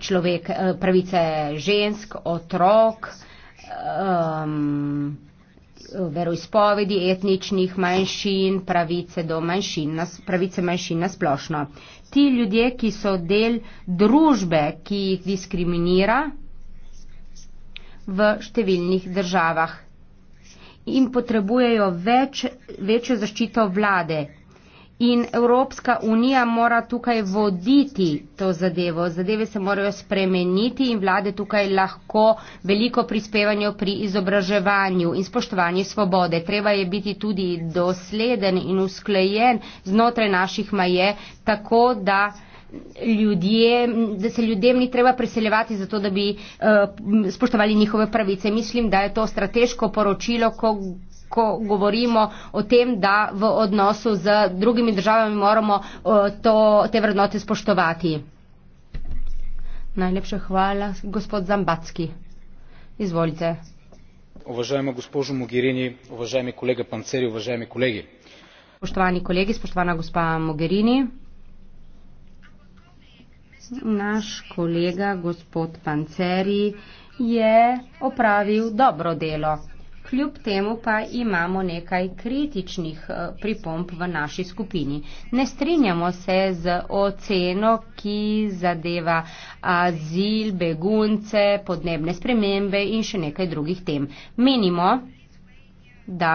človek, eh, pravice žensk, otrok, um, veroizpovedi, etničnih manjšin, pravice do manjšin, na, pravice manjšin na splošno. Ti ljudje, ki so del družbe, ki jih diskriminira v številnih državah in potrebujejo več, večjo zaščito vlade, In Evropska unija mora tukaj voditi to zadevo. Zadeve se morajo spremeniti in vlade tukaj lahko veliko prispevanjo pri izobraževanju in spoštovanju svobode. Treba je biti tudi dosleden in usklejen znotraj naših maje, tako da. Ljudje, da se ljudem ni treba preseljevati zato, da bi uh, spoštovali njihove pravice. Mislim, da je to strateško poročilo, ko, ko govorimo o tem, da v odnosu z drugimi državami moramo to, te vrednote spoštovati. Najlepša hvala, gospod Zambacki. Izvolite. Uvažajmo gospožu Mogherini, uvažajmi kolega Panceri, uvažajmi kolegi. Poštovani kolegi, spoštovana gospa Mogherini. Naš kolega, gospod Panceri, je opravil dobro delo kljub temu pa imamo nekaj kritičnih eh, pripomp v naši skupini. Ne strinjamo se z oceno, ki zadeva azil, begunce, podnebne spremembe in še nekaj drugih tem. Menimo, da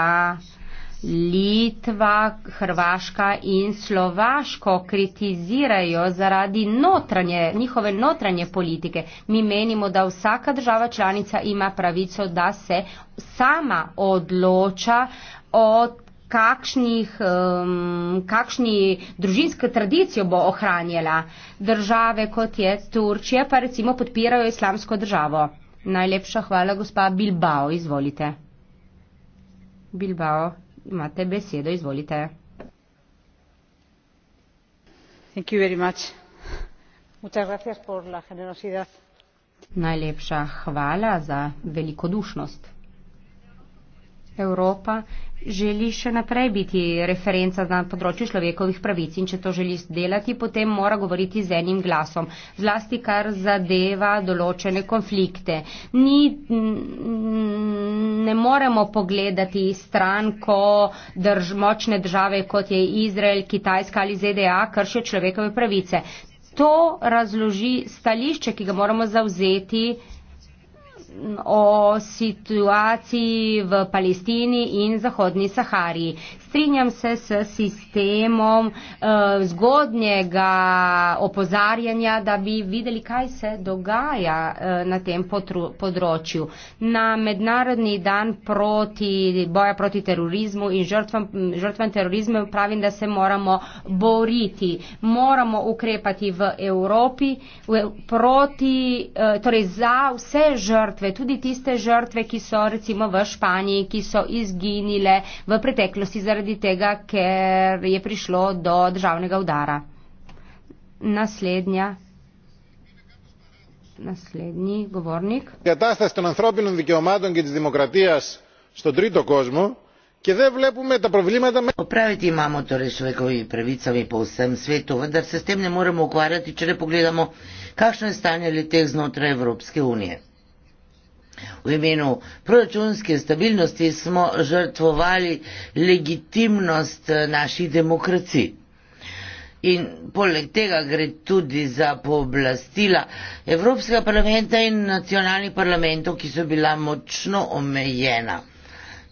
Litva, Hrvaška in Slovaško kritizirajo zaradi notranje, njihove notranje politike. Mi menimo, da vsaka država članica ima pravico, da se sama odloča od kakšnih, um, kakšni družinsko tradicijo bo ohranjala. Države kot je Turčija pa recimo podpirajo islamsko državo. Najlepša hvala, gospa Bilbao, izvolite. Bilbao imate besedo izvolite najlepša hvala za velikodušnost Evropa želi še naprej biti referenca na področju človekovih pravic in če to želi delati, potem mora govoriti z enim glasom, zlasti kar zadeva določene konflikte. Ni, ne moremo pogledati stran, ko drž, močne države, kot je Izrael, Kitajska ali ZDA, kršijo človekove pravice. To razloži stališče, ki ga moramo zauzeti o situaciji v Palestini in Zahodni Sahari. Strinjam se s sistemom eh, zgodnjega opozarjanja, da bi videli, kaj se dogaja eh, na tem področju. Na mednarodni dan proti, boja proti terorizmu in žrtvam, žrtvam terorizma pravim, da se moramo boriti. Moramo ukrepati v Evropi v, proti, eh, torej za vse žrtve, žrtve, tudi tiste žrtve, ki so recimo v Španiji, ki so izginile v preteklosti zaradi tega, ker je prišlo do državnega udara. Naslednja. Naslednji govornik. Katastrofa s antropilnim dikeomadom in demokratijas s tretjo kozmo. Popraviti imamo torej človekovimi pravicami po vsem svetu, vendar se s tem ne moremo ukvarjati, če ne pogledamo, kakšno je stanje le teh znotraj Evropske unije. V imenu proračunske stabilnosti smo žrtvovali legitimnost eh, naših demokracij. In poleg tega gre tudi za pooblastila Evropskega parlamenta in nacionalnih parlamentov, ki so bila močno omejena.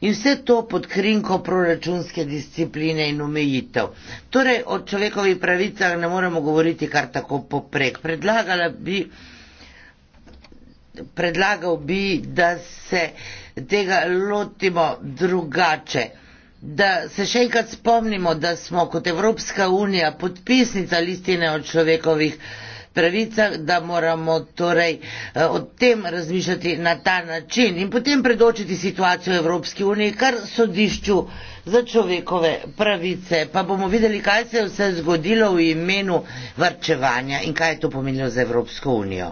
In vse to pod krinko proračunske discipline in omejitev. Torej o človekovih pravicah ne moremo govoriti kar tako poprek. Predlagala bi predlagal bi, da se tega lotimo drugače. Da se še enkrat spomnimo, da smo kot Evropska unija podpisnica listine o človekovih pravicah, da moramo torej eh, o tem razmišljati na ta način in potem predočiti situacijo v Evropski uniji, kar sodišču za človekove pravice. Pa bomo videli, kaj se je vse zgodilo v imenu varčevanja in kaj je to pomenilo za Evropsko unijo.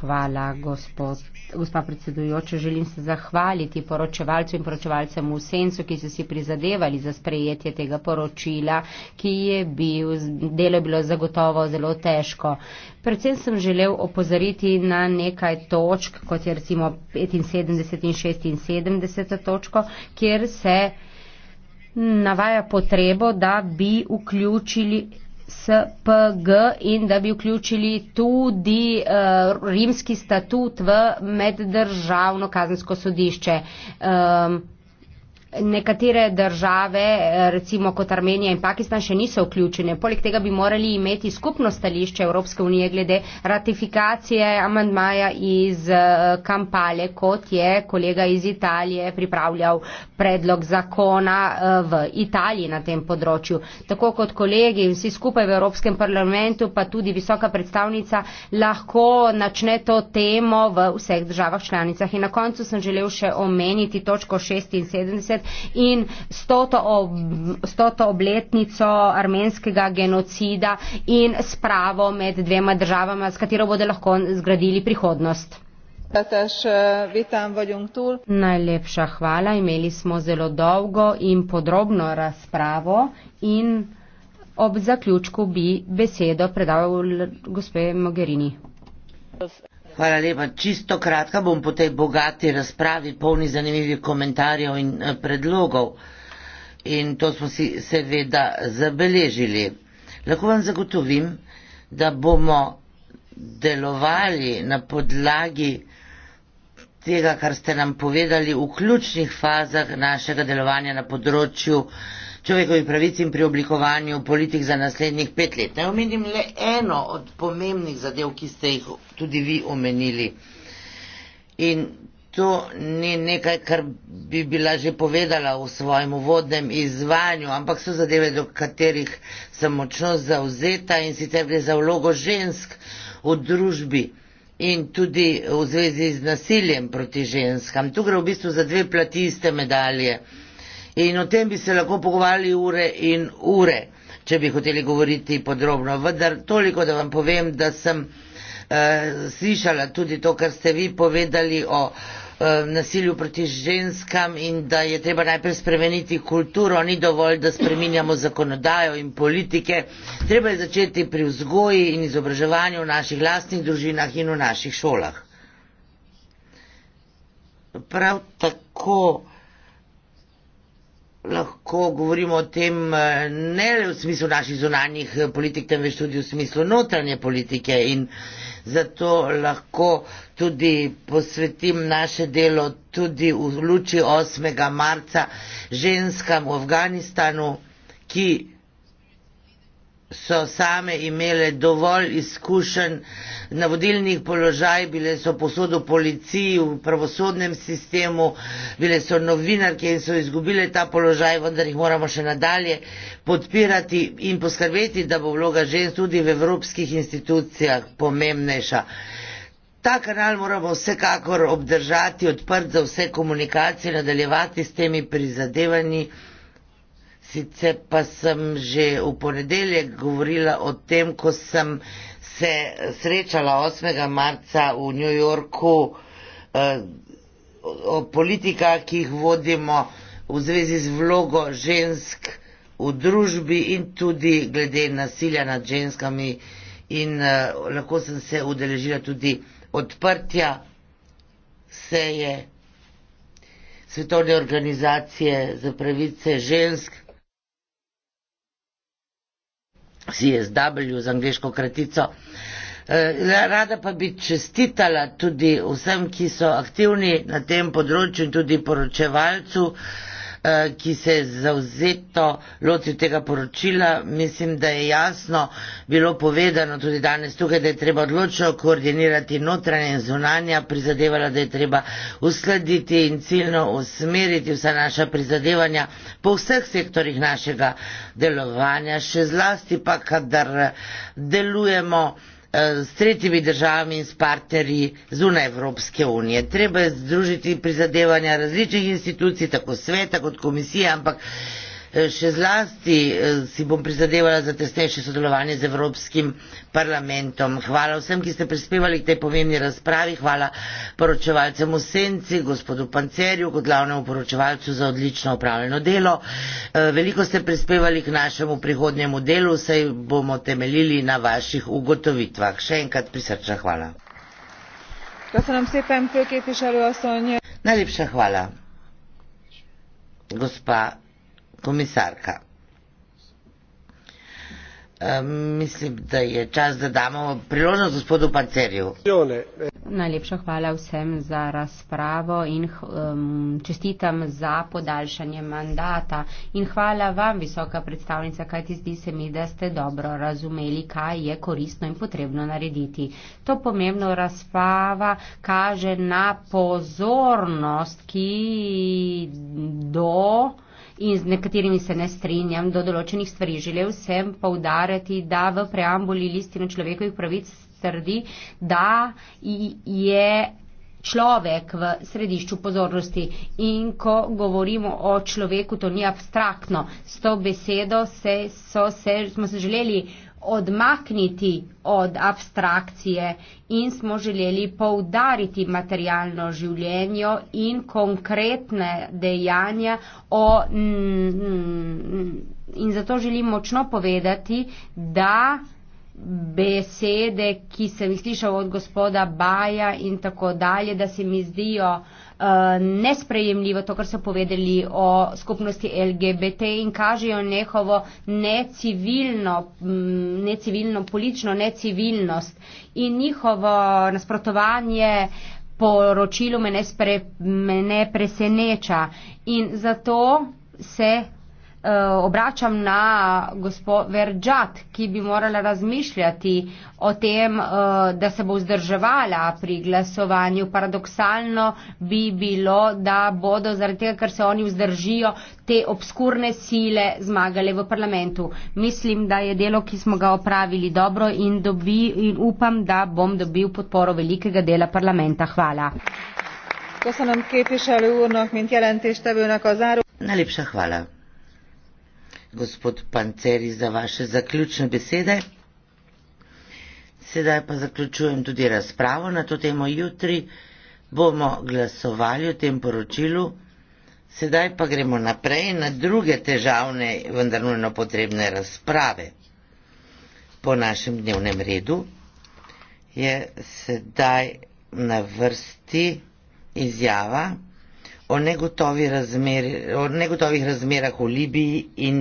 Hvala, gospod, gospa predsedujoča. Želim se zahvaliti poročevalcu in poročevalcem v Sencu, ki so si prizadevali za sprejetje tega poročila, ki je bil, delo je bilo zagotovo zelo težko. Predvsem sem želel opozoriti na nekaj točk, kot je recimo 75 in 76 točko, kjer se navaja potrebo, da bi vključili SPG in da bi vključili tudi uh, rimski statut v meddržavno kazensko sodišče. Um, Nekatere države, recimo kot Armenija in Pakistan, še niso vključene. Poleg tega bi morali imeti skupno stališče Evropske unije glede ratifikacije amandmaja iz eh, Kampale, kot je kolega iz Italije pripravljal predlog zakona eh, v Italiji na tem področju. Tako kot kolegi in vsi skupaj v Evropskem parlamentu, pa tudi visoka predstavnica, lahko načne to temo v vseh državah članicah. In na koncu sem želel še omeniti točko 76. 1994 in stoto ob, obletnico armenskega genocida in spravo med dvema državama, s katero bodo lahko zgradili prihodnost. Ja, e, Najlepša hvala. Imeli smo zelo dolgo in podrobno razpravo in ob zaključku bi besedo predal gospe Mogherini. Uh, Hvala lepa. Čisto kratka bom po tej bogati razpravi, polni zanimivih komentarjev in eh, predlogov. In to smo si seveda zabeležili. Lahko vam zagotovim, da bomo delovali na podlagi tega, kar ste nam povedali v ključnih fazah našega delovanja na področju človekovi pravici in pri oblikovanju politik za naslednjih pet let. Naj omenim le eno od pomembnih zadev, ki ste jih tudi vi omenili. In to ni nekaj, kar bi bila že povedala v svojem uvodnem izvanju, ampak so zadeve, do katerih sem močno zauzeta in sicer gre za vlogo žensk v družbi in tudi v zvezi z nasiljem proti ženskam. Tu gre v bistvu za dve plati iste medalje in o tem bi se lahko pogovarjali ure in ure, če bi hoteli govoriti podrobno. Vendar toliko, da vam povem, da sem eh, slišala tudi to, kar ste vi povedali o eh, nasilju proti ženskam in da je treba najprej spremeniti kulturo, ni dovolj, da spreminjamo zakonodajo in politike. Treba je začeti pri vzgoji in izobraževanju v naših lastnih družinah in v naših šolah. Prav tako lahko govorimo o tem eh, ne v smislu naših zunanjih eh, politik, temveč tudi v smislu notranje politike in zato lahko tudi posvetim naše delo tudi v luči 8. marca ženskam v Afganistanu, ki so same imele dovolj izkušenj na vodilnih položaj, bile so posod v policiji, v pravosodnem sistemu, bile so novinarke in so izgubile ta položaj, vendar jih moramo še nadalje podpirati in poskrbeti, da bo vloga žensk tudi v evropskih institucijah pomembnejša. Ta kanal moramo vsekakor obdržati odprt za vse komunikacije, nadaljevati s temi prizadevanji sicer pa sem že v ponedeljek govorila o tem, ko sem se srečala 8. marca v New Yorku eh, o politikah, ki jih vodimo v zvezi z vlogo žensk v družbi in tudi glede nasilja nad ženskami in eh, lahko sem se udeležila tudi odprtja seje svetovne organizacije za pravice žensk CSW z angliško kratico. E, rada pa bi čestitala tudi vsem, ki so aktivni na tem področju in tudi poročevalcu. Eh, ki se je zauzeto lotil tega poročila. Mislim, da je jasno bilo povedano tudi danes tukaj, da je treba odločno koordinirati notranje in zunanja prizadevala, da je treba uskladiti in ciljno usmeriti vsa naša prizadevanja po vseh sektorjih našega delovanja, še zlasti pa, kadar delujemo Eh, s tretjimi državami in s partnerji zunaj Evropske unije. Treba je združiti prizadevanja različnih institucij, tako sveta kot komisije, ampak Eh, še zlasti eh, si bom prizadevala za tesnejše sodelovanje z Evropskim parlamentom. Hvala vsem, ki ste prispevali k tej pomembni razpravi. Hvala poročevalcem v Senci, gospodu Pancerju, kot glavnemu poročevalcu za odlično upravljeno delo. Eh, veliko ste prispevali k našemu prihodnjemu delu, saj bomo temeljili na vaših ugotovitvah. Še enkrat prisrčna hvala. Najlepša hvala. Gospa komisarka. E, mislim, da je čas, da damo priložnost gospodu Pancerju. Najlepša hvala vsem za razpravo in um, čestitam za podaljšanje mandata. In hvala vam, visoka predstavnica, kaj ti zdi se mi, da ste dobro razumeli, kaj je koristno in potrebno narediti. To pomembno razprava kaže na pozornost, ki do in z nekaterimi se ne strinjam, do določenih stvari želel sem povdarjati, da v preambuli listino človekovih pravic strdi, da je človek v središču pozornosti in ko govorimo o človeku, to ni abstraktno. S to besedo se, se, smo se želeli odmakniti od abstrakcije in smo želeli poudariti materialno življenje in konkretne dejanja o, mm, in zato želim močno povedati, da besede, ki sem jih slišal od gospoda Baja in tako dalje, da se mi zdijo uh, uh, nesprejemljivo to, kar so povedali o skupnosti LGBT in kažejo njehovo necivilno, necivilno politično necivilnost in njihovo nasprotovanje poročilu me ne, spre, me ne preseneča. In zato se Eh, obračam na gospod Verđat, ki bi morala razmišljati o tem, eh, da se bo vzdrževala pri glasovanju. Paradoksalno bi bilo, da bodo zaradi tega, ker se oni vzdržijo, te obskurne sile zmagale v parlamentu. Mislim, da je delo, ki smo ga opravili dobro in, dobi, in upam, da bom dobil podporo velikega dela parlamenta. Hvala. Köszönöm képviselő úrnak, mint jelentéstevőnek a záró. Ne hvala gospod Panceri, za vaše zaključne besede. Sedaj pa zaključujem tudi razpravo na to temo. Jutri bomo glasovali o tem poročilu. Sedaj pa gremo naprej na druge težavne, vendar nujno potrebne razprave. Po našem dnevnem redu je sedaj na vrsti izjava o, razmer, o negotovih razmerah v Libiji in